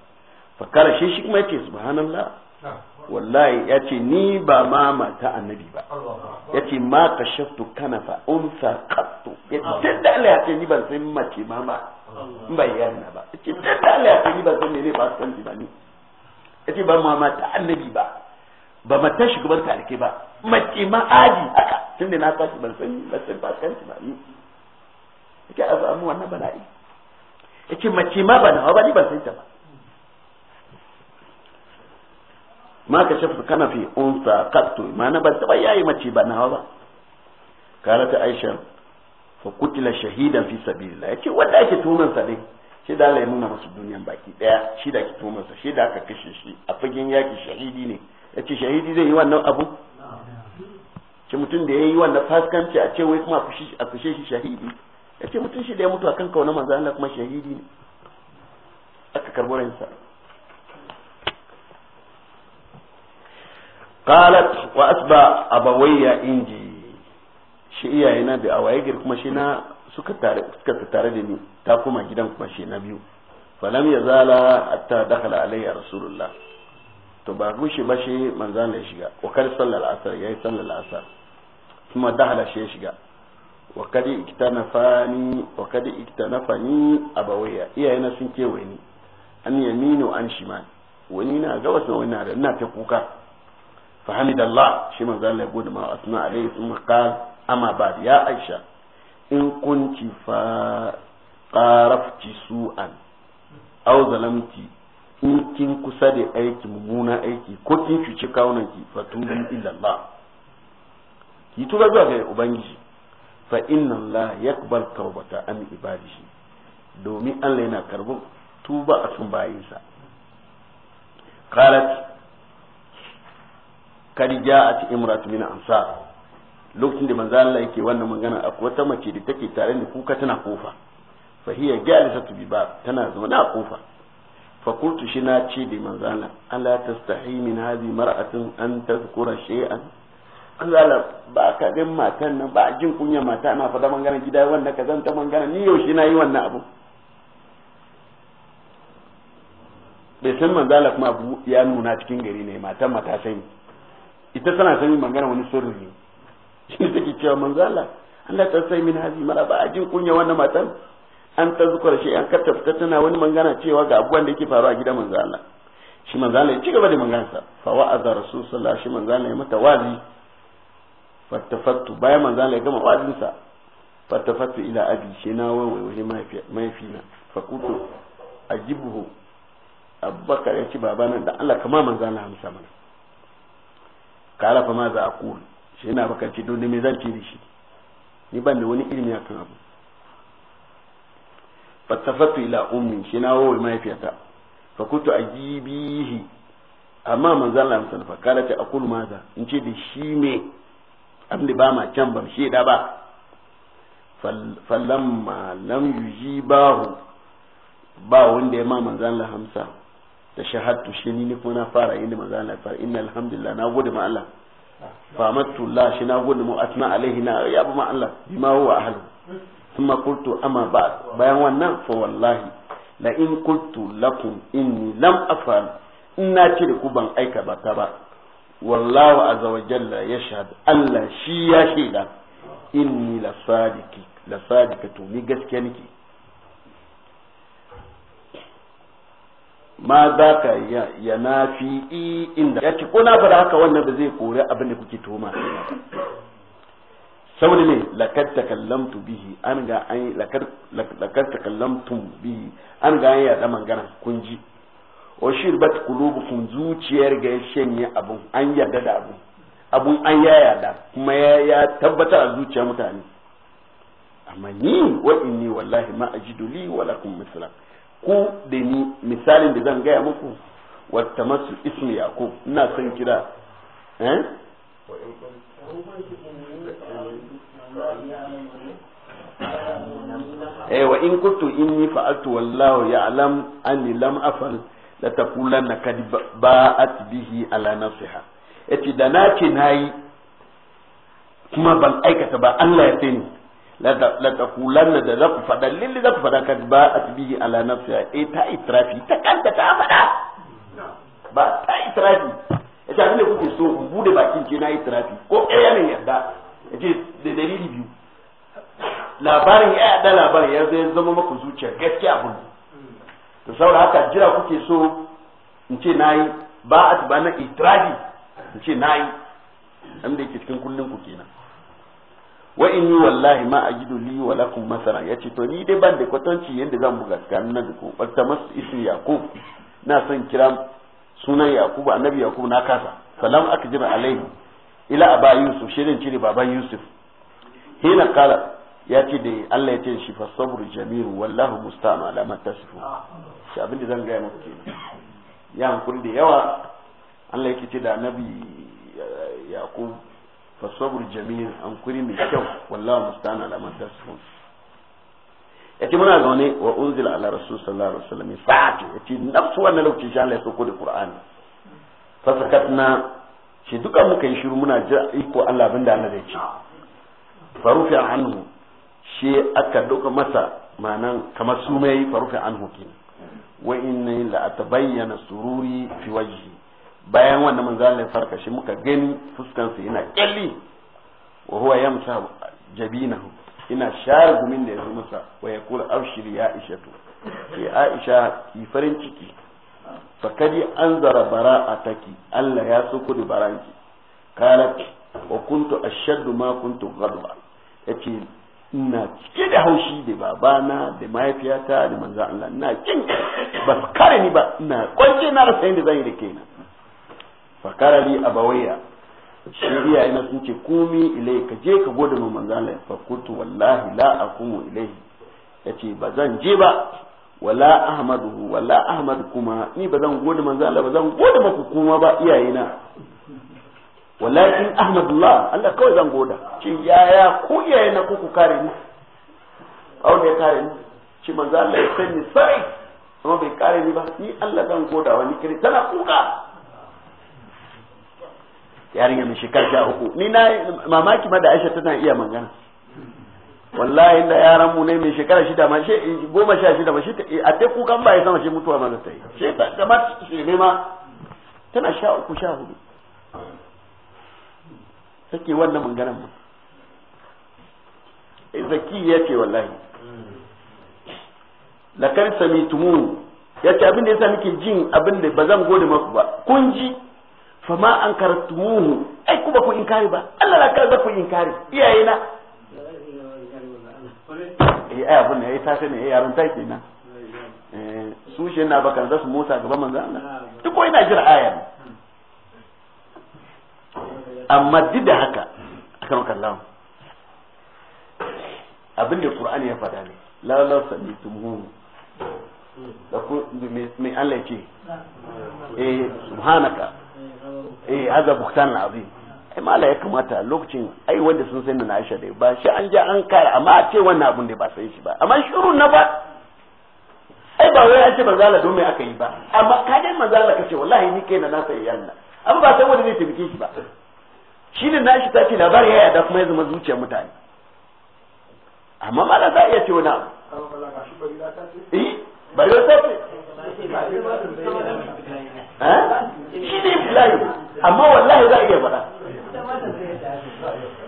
Speaker 1: fakara shi shi kuma yace subhanallah wallahi yace ni ba ma mata annabi ba yace ma kashaftu fa unsa qattu yace da Allah yace ni ban san mace ma ba in bai yana ba
Speaker 2: yace da Allah
Speaker 1: yace ni ban san mene ba san ba ni yace ba ma mata annabi ba ba mata shugaban talike ba mace ma aji haka tunda na tashi ban san ban san ba san ba ni yake a samu wannan bala'i yace mace ma ba nawa ba ni ban san ta ba ma ka shafa kana fi unsa qattu ma na ban ta yayi mace ba nawa ba kalata aisha fa kutila shahidan fi sabilillah yace wanda yake tuman sa ne shi da Allah ya nuna masu duniyan baki daya shi da ake tuman sa shi da aka kashe shi a fagen yaki shahidi ne yace shahidi zai yi wannan abu ce mutum da ya yi wannan faskanci a ce wai kuma a fushe shi shahidi yace mutum shi da ya mutu kan kauna manzo Allah kuma shahidi ne aka karbo ransa qalat wa asba abawayya inji shi na da awaye gir kuma shi na suka tare suka tare da ni ta kuma gidan kuma shi na biyu falam ya zala hatta dakhala alayya rasulullah to ba gushi ba shi manzan Allah ya shiga wa kar sallar asar yayi sallar asar kuma dakhala shi ya shiga wa kadi iktanafani wa kadi iktanafani abawaya iyayena sun kewaye ni an yaminu an shimal wani na gabas na wani na ina ta kuka fa hamidallah shi manzo ya gode ma asma alaihi thumma qala amma ba ya aisha in kunti fa qarafti su'an aw zalamti in kin kusa da aiki mummuna aiki ko kin cuci kawunanki fa tubu ila ki tuba zuwa ga ubangiji fa inna Allah yaqbal tawbata an ibadihi domin Allah yana karbin tuba a sun bayinsa qalat kad ja'at imrat min ansar lokacin da manzo Allah yake wannan magana akwai wata mace da take tare da kuka tana kofa fa hiya jalisatu bi bab tana zama na kofa fa qultu shi na ce da manzo Allah ala tastahi min hadhihi mar'atin an tazkura shay'an Allah ba ka gan matan nan ba jin kunya mata ana fada mangana gida wanda ka zanta mangana ni yaushe na yi wannan abu bai san manzala kuma abu ya nuna cikin gari ne matan mata sai ita tana yin mangana wani sirri ne shi take cewa manzala Allah ta sai min hazi mara ba jin kunya wannan matan an ta zukar shi an ka fita tana wani mangana cewa ga abubuwan da yake faruwa a gidan manzala shi manzala ya ci gaba da mangansa fa wa'aza rasul sallallahu alaihi wasallam ya mata wazi fattafattu bayan manzo Allah ya gama wa'azin sa fattafattu ila abi shi na wani wani mahaifina fakutu ajibuhu abubakar ya ci babana da Allah kama manzo Allah musa mana kala fa ma za a kula shi na baka ci don me zan ce da shi ni ban da wani ilimi akan abu fattafattu ila ummi shi na wani mahaifiyata fakutu ajibihi amma manzo Allah musa fa kala ta aqulu maza in ce da shi me abin ba ma can ba shaida ba falamma lam bahu ba wanda ya ma manzan hamsa da shahadtu shi ni kuma na fara inda manzan Allah fara inna alhamdulillah na gode ma Allah famattu la shi na gode mu asna alaihi na ya ba ma Allah bima huwa ahlu thumma qultu amma ba'd bayan wannan fa wallahi la in qultu lakum inni lam afal ina ce da ku ban aika ba ta ba wallahu azza wa jalla yashhad Allah shi ya shaida inni la sadiki la ni gaskiya nake ma za ka ya nafi inda ya ci ko na fara haka wannan ba zai kori abin da kuke tuhuma saboda ne lakar takallamtu bihi an ga an lakar bihi an kun ji wa shirbat qulubukum zuciyar ga shanye abun an yarda da abun abun an ya yarda kuma ya ya tabbatar a zuciya mutane amma ni wa inni wallahi ma ajidu li wa lakum mislan ku da ni misalin da zan gaya muku wata masu ismi yaqub ina son kira eh wa in kuntu inni fa'altu wallahu ya'lam anni lam afal la kadi ba ba'at bihi ala nasiha yace da na ce nayi kuma ban aikata ba Allah ya sani la na da zaku fada lilli zaku fada ba ba'at bihi ala nasiha eh ta itrafi ta kanta ta fada ba ta itrafi yace abin da kuke so in bude bakin ce na itrafi ko eh yana yarda yace da dalili biyu
Speaker 2: labarin ya da labarin
Speaker 1: ya zama maka zuciya gaskiya abun to saboda haka jira kuke so in ce nayi ba a tuba na itradi in ce nayi an da yake cikin kullun ku kenan
Speaker 2: wa yi wallahi
Speaker 1: ma a li wa lakum masara ce to ni dai ban da kwatanci yadda zan buga kan nan ku wata masu isin yakub na son kira sunan yakubu annabi yakubu na kasa salam jira alaihi ila aba yusuf shirin cire baban yusuf hina kala ya ce da Allah ya ce shi fa sabru jamiru wallahu musta'an ala ma shi abin da zan gaya muku kenan ya hankuri da yawa Allah yake ce da annabi eh, yaqub fasabur jami'in hankuri mai kyau wallahi musta'an ala man tasfun yace muna wani wa unzila ala rasul sallallahu alaihi wasallam fa'atu yace nafsu wannan lokaci shi Allah ya sauko da qur'ani fasakatna shi duka muka yi shiru muna jira iko Allah abinda Allah zai ce farufi anhu shi aka dauka masa ma'anan kamar sumai farufi anhu kenan wa inni la atabayyana sururi fi wajhi bayan wannan manzo Allah ya farka shi muka gani fuskan sa yana kyalli wa huwa yamsa jabina ina share gumin da ya zo masa wa kula abshiri ya aishatu ki aisha ki farin ciki kadi anzara bara'ataki Allah ya so ku baranki kalat wa kuntu ashaddu ma kuntu ghadba yace ina cike da haushi da babana da mahaifiyata da manzo Allah ina kin ba kare ni ba ina kwance na rasa yadda zan yi da kaina fakara li abawaya shi iyaye sun ce kumi ilai ka je ka gode mu manzo Allah fa kutu. wallahi la akumu ilai yace ba zan je ba wala ahmadu wala ahmad kuma ni ba zan gode manzo Allah ba zan gode ku kuma ba iyayena walakin ahmadullah Allah kawai zan goda ce yaya ku yaya na kuku kare ni kawai ne kare ni ce manzo Allah ya sani sai amma bai kare ni ba ni Allah zan goda wani kiri tana kuka yarinya mai shekara sha uku ni na mamaki ma da Aisha tana iya magana
Speaker 2: wallahi da yaran
Speaker 1: mu ne mai shekara shida ma she goma sha shida ba shi a ta kukan ba ya sama shi mutuwa ma zai ta yi shi ta ma ne ma tana sha uku sha hudu take wannan maganan mu eh, zaki ya ce wallahi lakar sami tumu ya ce abin da yasa nake jin abin da ba zan gode maku ba kun ji fama an kartumuhu ai ku ba ku inkari ba Allah la kar ba ku inkari
Speaker 2: iyaye na eh ai abun
Speaker 1: ne ta tashi ne yaron ta na eh su shi na bakar da su motsa gaban manzo Allah duk ko ina jira aya amma duk da haka akan kallon abin da qur'ani ya faɗa ne lalar sami tumhuru da ku mai Allah ce eh subhanaka
Speaker 2: eh haza buktan
Speaker 1: azim eh mala ya kamata lokacin ai wanda sun san na Aisha dai ba shi an ja an kare amma a ce wannan abun da ba sai shi ba amma shuru na ba ai ba wai an ce manzala don me aka yi ba amma ka dai manzala kace wallahi ni kai na sai yanna amma ba sai wanda zai taimake shi ba shi ne nashi ta ce labarin ya yada kuma ya zama zuciyar mutane amma mala za a iya ce wani abu
Speaker 2: eh, bari ta ce eh, shi ne filayi amma wallahi za a iya faɗa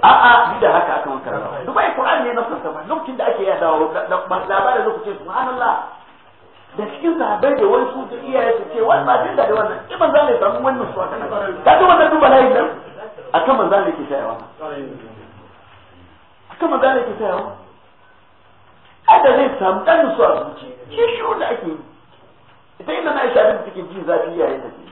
Speaker 2: a a bi da haka aka wanka duba dubai qur'an ne na ba lokacin
Speaker 1: da ake wa labarin lokacin subhanallah da cikin sahabbai da wani su da iyaye su ce wani ba da wannan iban za mu samu wannan su a ta duba na duba layin nan
Speaker 2: a kan manzan da ke sayawa
Speaker 1: a kan manzan da ke sayawa kada zai samu dan nutsuwa a zuci shi shi wanda ake ita ina na isha da take jin zafi yayi da ke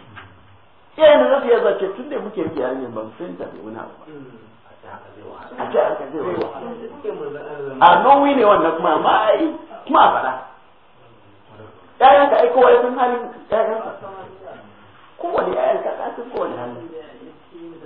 Speaker 1: iyayen da zasu iya zace tun da muke yake yarinyar ban san ta bai wani abu
Speaker 2: a ce haka zai wa a nan ne wannan kuma amma ai kuma a ya ƴaƴanka ai kowa ya san halin ƴaƴanka kowane ƴaƴanka ka san kowane halin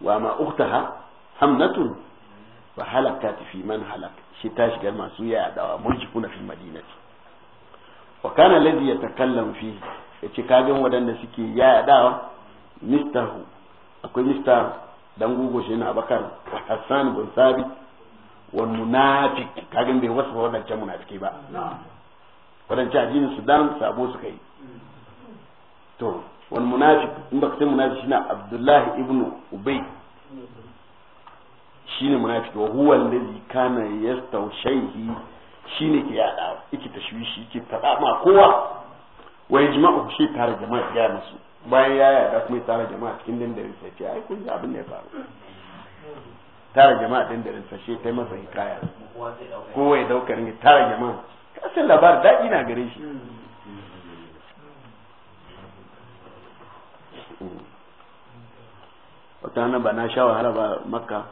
Speaker 1: wa ma uktaha hamnatun ba halakat fi man halak shi ta shigar masu yadawa murjikuna fil madinati wa kana alladhi yatakallam fi yace kagan wadanda suke yadawa mistahu akwai mista dan gugo bakar hassan bin sabit wa kagan bai wasu wadancan munafiki ba wadancan ajinin sudan sabo suka yi wal munafiq in baka san munafiq shine Abdullah ibn Ubay shine munafiq wa huwa allazi kana yastawshayhi shine ke yada yake tashwishi yake fada ma kowa wa yajma'u shi tare jama'a ga musu bayan ya yada kuma ya tare jama'a cikin dandarin sai ce ai kun abin da faru tara jama'a dandarin sa shi ta masa hikaya
Speaker 2: kowa ya daukar ne tara jama'a
Speaker 1: kasan labar daɗi na gare shi wata hana ba na sha wahala ba makka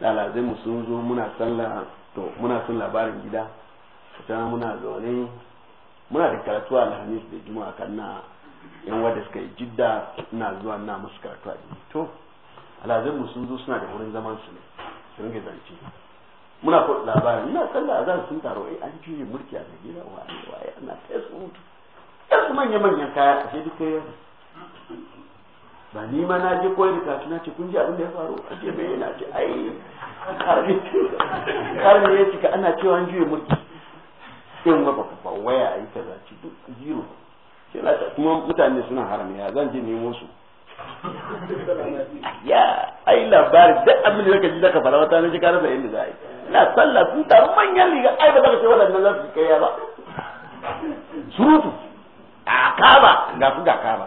Speaker 1: lalazai mu sun zo muna sallah to muna son labarin gida wata muna zaune muna da karatu alhamis da juma'a kan na yan wadda suka yi jidda na zuwa na musu karatu a to alhazai mu sun zo suna da wurin zaman su ne su ringa zance muna kuɗi labarin ina sallah azan sun taro ai an juye mulki a Najeriya wa ai ana ta su mutu ya su manya manyan kaya a sai duka yau ba ni ma na je koyar da na ce kun ji abin da ya faru a ce bai yana ce ai karni ya cika ana cewa an juye mulki in ba ba waya a yi kaza ce duk zero sai na ta kuma mutane suna harami ya zan je nemo su
Speaker 2: ya ai labari duk
Speaker 1: abin da zaka ji zaka fara wata na ji ka rasa inda za a yi na sallah sun taru manyan riga ai ba ka ce waɗannan za su kai ya ba surutu a kaba ga su ga kaba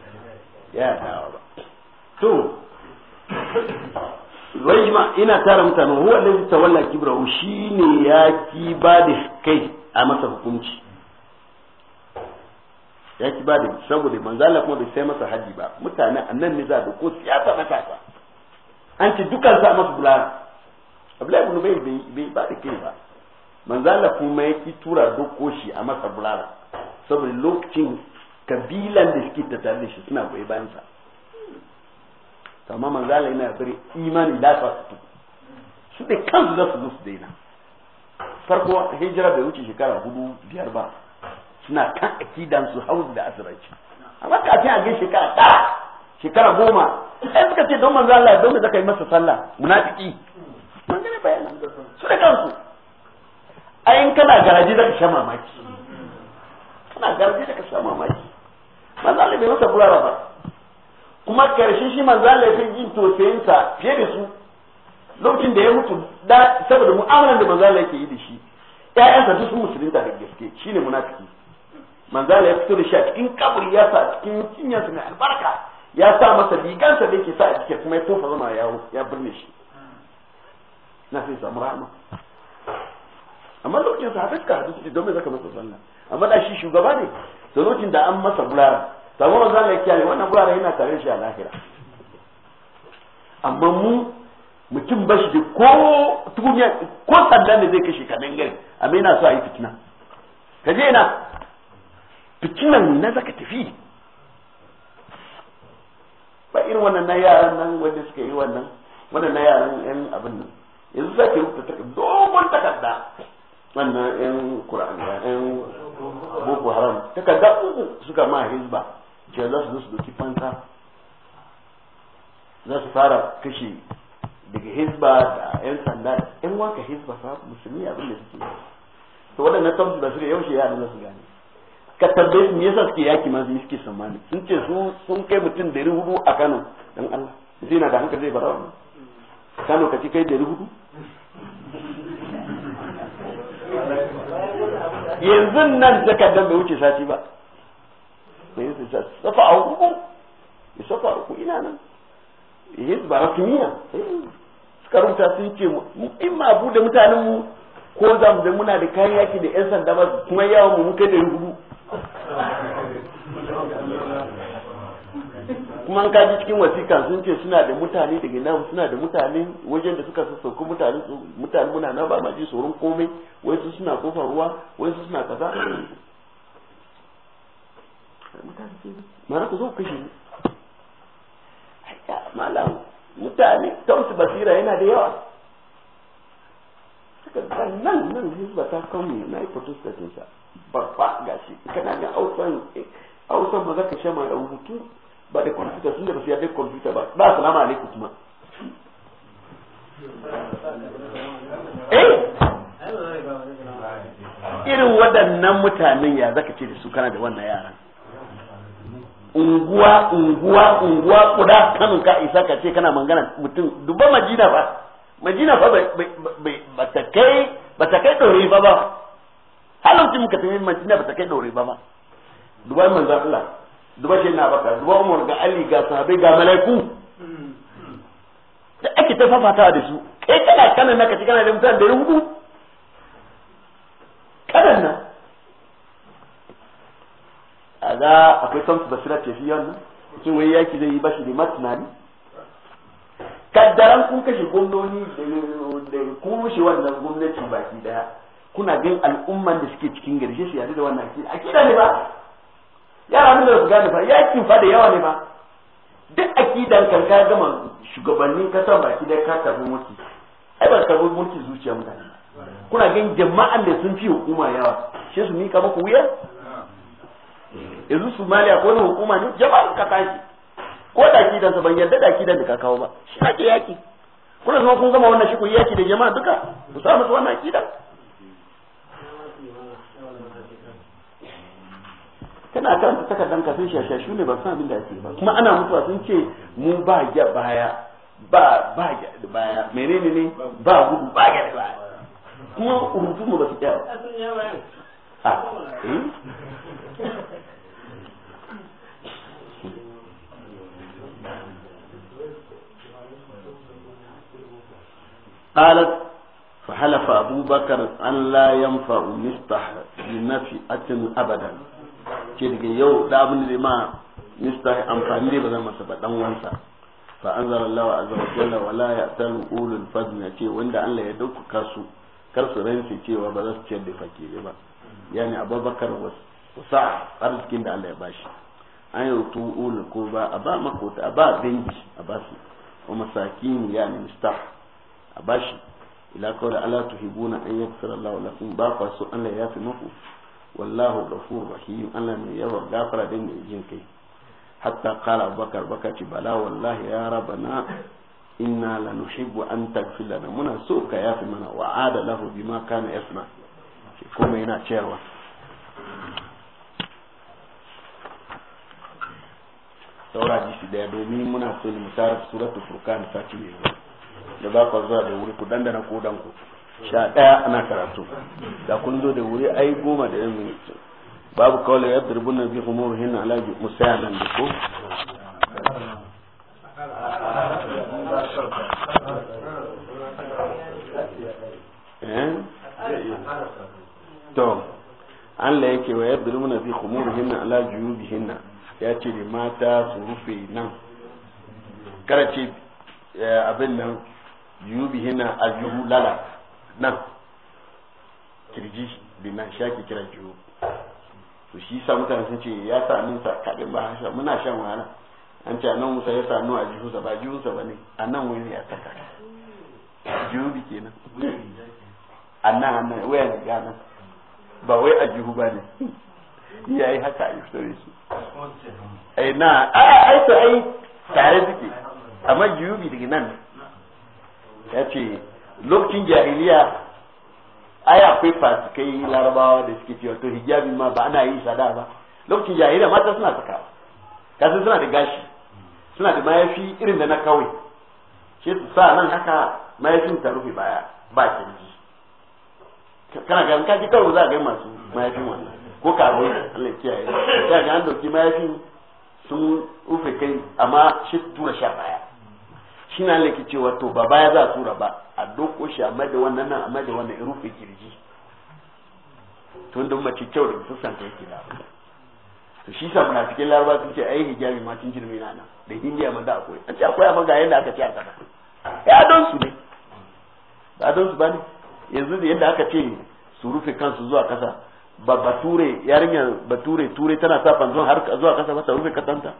Speaker 1: ya dawo ba to wai ma ina tara mutane huwa da ta walla kibra kibrahu shine ya ki ba da kai a masa hukunci ya ki ba da saboda manzo Allah kuma bai sai masa haji ba mutane annan ne za da ko siyasa matasa an ci dukan sa masa bula Abdullahi ibn Ubay bai ba da kai ba manzo Allah kuma ya ki tura dokoshi a masa bula saboda lokacin kabilan da suke tattare da shi suna goyi bayan sa to amma manzo Allah yana bari imani da ta su su da kansu za su zo su daina farko hijira bai wuce shekara hudu biyar ba suna kan akidan su hauzu da asiraci amma kafin a ga shekara ta shekara goma sai suka ce don manzo Allah don da kai masa sallah munafiki mun gane bayanan su da kansu ayin kana garaji ka sha mamaki kana garaji ka sha mamaki manzo Allah bai masa bulala ba kuma karshen shi manzo Allah ya jin tosayin sa fiye da su lokacin da ya mutu da saboda mu'amalar da manzo Allah yake yi da shi ƴaƴansa duk musulunta da gaske shine munafiki manzo Allah ya fito da shi a cikin kaburi ya sa cikin su mai albarka ya sa masa rigansa da yake sa a cikin kuma ya tofa zama yawo ya birne shi na sai samu rahama amma lokacin sa hafiska hadisi domin zaka masa sallah amma da shi shugaba ne to lokacin da an masa bulara sabon manzo Allah ya kiyaye wannan bulara yana tare shi a lahira amma mu mutum ba shi da ko tukunya ko sanda ne zai kashe kadan gari amma yana so a yi fitina ka je na fitinan na zaka tafi ba irin wannan na yaran nan wanda suka yi wannan wannan na yaran yan abin nan yanzu za ka zaki rubuta takarda dogon takarda wannan yan kur'ani yan boko haram takarda uku suka ma hizba cewa za su zo su doki fanta za su fara kashe daga hizba da yan sanda da yan waka hizba fa musulmi abin da suke to waɗannan kamsu da suke yaushe ya za su gane ka tambaye su me yasa suke yaki ma su suke samani sun ce su sun kai mutum dari hudu a Kano dan Allah sai na da hankali zai barawa Kano ka ci kai dari hudu
Speaker 2: yanzu nan
Speaker 1: takardar bai wuce sati ba bai wuce sati safa a uku ya safa a uku ina nan hizba eh, rasmiya eh, suka rubuta sun ce in ma bude mutanen mu ko zamu mu da muna da kayan yaki da yan sanda ba kuma yawon mu muka da hudu kuma an kaji cikin wasiƙa sun ce suna da mutane daga nan suna da mutane wajen da suka sassauki mutane mutane muna na ba ma ji tsoron komai wai su suna kofar ruwa wai su suna kaza mara ku zo ku kashe malam mutane tausi basira yana da yawa suka ga nan nan ba ta kawo na yi protestant sa babba shi kana ga ausan ausan ma zaka shama rubutu ba da kwamfuta sun da ba su yarda computer ba ba salamu alaikum kuma
Speaker 2: eh irin waɗannan
Speaker 1: mutanen ya zaka ce da su kana da wannan yaran unguwa unguwa unguwa kuda kanun ka isa ka ce kana mangana mutum dubba majina ba majina fa ba ta kai ba ta kai dore ba ba halin muka tafi majina ba ta kai dore ba ba duba manzo Allah duba shi na baka duba umar ga ali ga sahabai ga malaiku da ake ta fafata da su kai kana kana naka ci kana da mutan da rubu kanan nan aga akwai samsu basira ke fi yawan nan shin wai yaki zai yi shi da matinani kaddaran kun kashe gwamnoni da kun rushe wannan gwamnati baki daya kuna gan al'umman da suke cikin garshe su yadda da wannan akida akida ne
Speaker 2: ba yara
Speaker 1: mun da su gane fa yakin fa da yawa ne ba duk akidan kan ka gama shugabannin kasar ba ki da ka tabu mulki ai ba tabu mulki zuciya mutane kuna gan jama'an da sun fi hukuma yawa she su mika muku wuya yanzu Somalia ko ne hukuma ne jama'an ka kashi ko da ki sa saban yadda da dan da ka kawo ba shi ake yaki kuna zama kun gama wannan shi ku yaki da jama'a duka ku samu su wannan akidan
Speaker 2: kana karanta takardan
Speaker 1: kafin shi ne ba san abin da ake ba kuma ana mutuwa sun ce mu ba ga baya ba ba ga baya menene ne ba gudu ba ga baya kuma rubutu mu ba su tsaya قالت فحلف أبو بكر أن لا ينفع مفتح بنفئة أبدا ke daga yau da abin da zai ma mista amfani dai ba zan masa ba dan wansa fa anzara Allah azza wa jalla wa la ya'talu ulul fadl ce wanda Allah ya dauka su kar su rance cewa ba za su ciyar da fakiri ba yani abubakar sa arzikin da Allah ya bashi an yi rutu ulul ko ba a ba makota a ba benci a ba su wa masakin yani mista a bashi ila kawai ala tuhibuna an yaksara Allah lakum ba fa su Allah ya fi maku wallahu ghafur rahim Allah mai yawa gafara da mai jin kai hatta qala bakar baka ci bala wallahi ya rabana inna lanuhibbu an taghfir lana muna so ka yafi mana wa ada lahu bima kana yasna kuma yana cewa saura jisi daya domin muna so mu tara suratul furqan sati ne da ba ku zuwa da wuri ku dandana ko danku sha ɗaya ana karatu da kun zo da wuri ai goma da yin minti babu kawai ya durbin na biyu kuma ruhin ala musaya nan da ko eh? to Allah yake wa yadda lumuna fi khumurihin ala juyubihin ya ce da mata su rufe nan karace eh, abin nan juyubihin a juhu lala nan kirji dinan shi ake kira jiyo to shi sa mutane sun ce ya sami sa kadin ba hasha muna shan wahala an ce nan musa ya sami a jihunsa ba jihunsa ba ne a nan wani ya saka jihubi kenan a nan a nan waya riga nan ba wai a jihu ba ne ya yi haka a yi fito da su
Speaker 2: yi
Speaker 1: eh, na a ai su yi tare suke amma bi daga nan ya ce lokacin jahiliya ai akwai fasikai larabawa da suke cewa to hijabi ma ba ana yi sada ba lokacin jahiliya mata suna saka kasu suna da gashi suna da mayafi irin da na kawai shi su sa nan haka mayafin ta rufe baya ba canji kana ga kaji kawai za a ga masu mayafin wannan ko karo Allah kiyaye sai ga an dauki mayafin sun rufe kai amma shi tura sha baya shi na lake cewa to ba baya za su tura ba a doko shi a da wannan nan a da wannan rufe kirji tun da mace kyau da sassan ta yake da to shi sa cikin laraba sun ce ai hijabi ma cin jirmi na nan da hindiya ma da akwai an ce akwai amma ga yadda aka ce a ta ya don su ne ba don su ba ne yanzu da yadda aka ce su rufe kansu zuwa kasa ba bature yarinyar bature ture tana sa fanzon har zuwa kasa ba ta rufe kasanta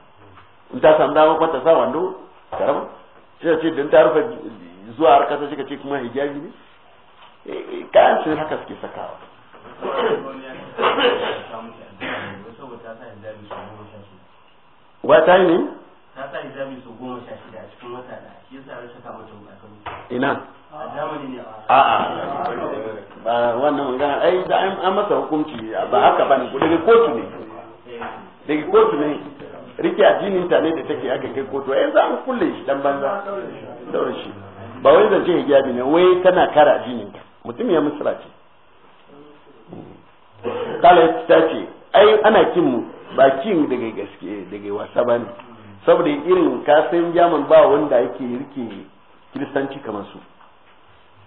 Speaker 1: in ta samu dama kwanta sa wando karama sai ce don ta rufe zuwa harka kasa suka ce kuma hijabi ne eh, kayan haka suke sakawa wata ne?
Speaker 2: ta sa hijabi su goma a cikin wata da shi ina a'a ba
Speaker 1: wannan magana ai da an masa hukunci ba haka bane daga kotu ne daga kotu ne eh. rike addinin ta ne da take aka kai kotu ai za kulle shi dan banza daure shi ba wai zance ya gyabi ne wai tana kara addinin ta mutum ya misra ce kala ta ce ai ana kin mu ba kin daga gaske daga wasa bane saboda irin kasan jaman ba wanda yake rike kiristanci kamar su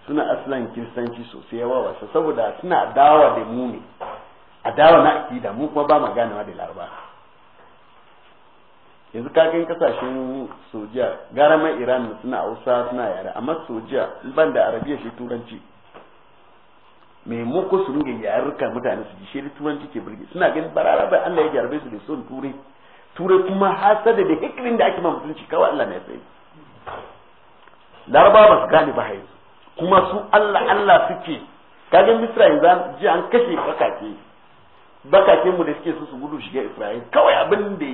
Speaker 1: suna aslan kiristanci sosai yawa wasa saboda suna adawa da mu ne adawa na akida mu kuma ba ma ganewa da laraba yanzu ka kai kasashen sojiya gara mai iran suna hausa suna yare amma sojiya ban da arabiya shi turanci mai muku su ringa yarurka mutane su ji shi turanci ke birge suna ganin barara bai allah ya jarabe su da son turai turai kuma hasada da hikirin da ake ma mutunci kawai allah na tsaye laraba ba su gane ba yanzu kuma su allah allah suke kagan misra yanzu ji an kashe bakake mu da suke so su gudu shiga Isra'il kawai abin da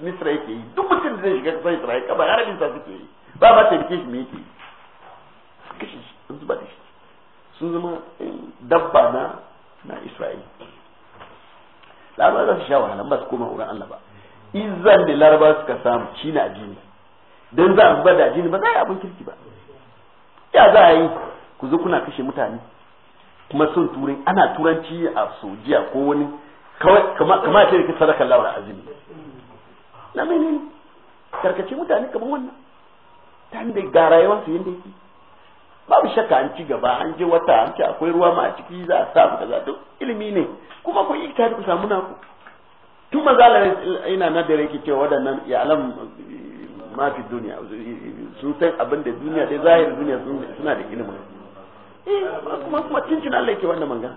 Speaker 1: Misra yake yi duk mutum da zai shiga kasar Isra'il kaba harabin sa suke yi ba ba ta bike shi me yake kishi sun zuba da shi sun zama eh, dabba na na Isra'il larabawa za su sha wahala ba su koma wurin Allah ba izan da laraba suka samu shi na jini dan za a bada da jini ba za a yi abin kirki ba ya za a yi ku zo kuna kashe mutane kuma son turai ana turanci a sojiya ko wani kama ce da sadakar lawar azumi na mai ne karkace mutane kamar wannan ta hanyar da ga rayuwarsu yadda yake babu shakka an ci gaba an je wata an ce akwai ruwa ma a ciki za a samu kaza duk ilimi ne kuma ku yi ta ku samu naku tun mazala ina na da yake cewa waɗannan ya alam mafi duniya sun san abin da duniya da zahiri duniya suna da ilimin Eh, kuma kuma cincin Allah yake wannan manga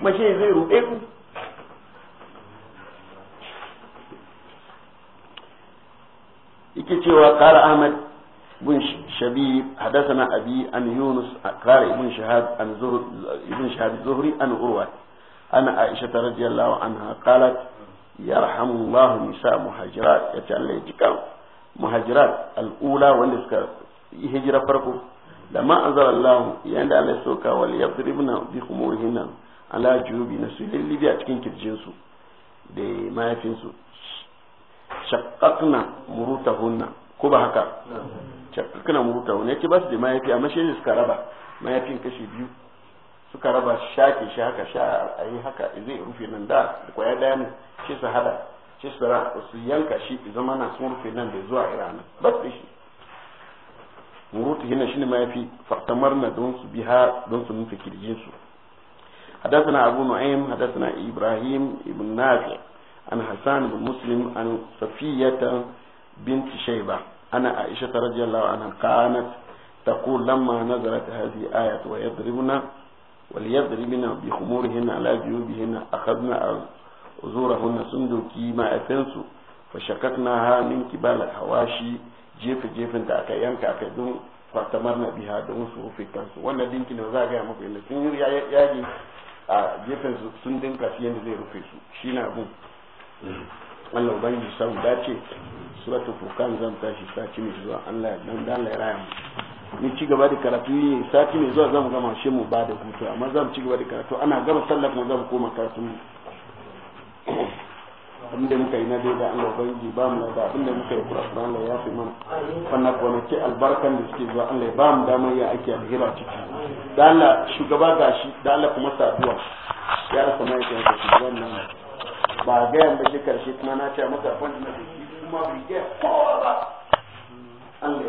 Speaker 1: mashi zai roƙe ku yake cewa kara Ahmad bin Shabib hadathana Abi an Yunus kara ibn Shahab an Zuhri ibn Shahab Zuhri an Urwa أنا عائشة رضي الله عنها قالت يرحم الله نساء مهاجرات يتعلي جكا مهاجرات الأولى da ma anzar Allah yanda Allah soka wal yadribna bi khumurihinna ala jubi na su yi a cikin kirjinsu da mayafinsu shakkakna murutahunna ko ba haka shakkakna murutahunna yake ba su da mayafi amma shi suka raba mayafin kashi biyu suka raba shake shi haka sha a yi haka zai rufe nan da da kwaya daya ne shi su hada shi su ra su yanka shi zama na sun rufe nan da zuwa irana ba su shi مروت هنا shine ma yafi fartamarna don su biha don su nufi kirjin su حدثنا أبو نعيم حدثنا إبراهيم بن نافع عن حسان بن مسلم عن صفية بنت شيبة أنا عائشة رضي الله عنها كانت تقول لما نزلت هذه آية ويضربنا وليضربنا بخمورهن على جيوبهن أخذنا أزورهن سندوكي ما أتنسوا فشككناها من كبال الحواشي jefe-jefen da aka yanka aka don kwatamar na biya don su rufe kansu wannan dinki ne za a gaya muku yadda sun yi yaji a jefen su sun dinka su yadda zai rufe su shi na abin Allah ubangi sau dace suratul furqan zan tashi sati mai zuwa Allah ya dan Allah ya raya mu ni ci gaba da karatu ne sati mai zuwa zamu gama shi mu ba da hutu amma zamu ci gaba da karatu ana gama sallah kuma zamu koma karatu abinda muka yi na daidai Allah bangi ba mu da abinda muka yi kurakura Allah ya fi mana wannan kwanaki albarkan da suke zuwa Allah ba mu damar yin aiki alhira ciki da Allah shugaba gashi da Allah kuma saduwa ya rasa mai kan ka shugaban nan ba ga yan baje karshe kuma na ce maka fanta na kuma bai ga kowa ba Allah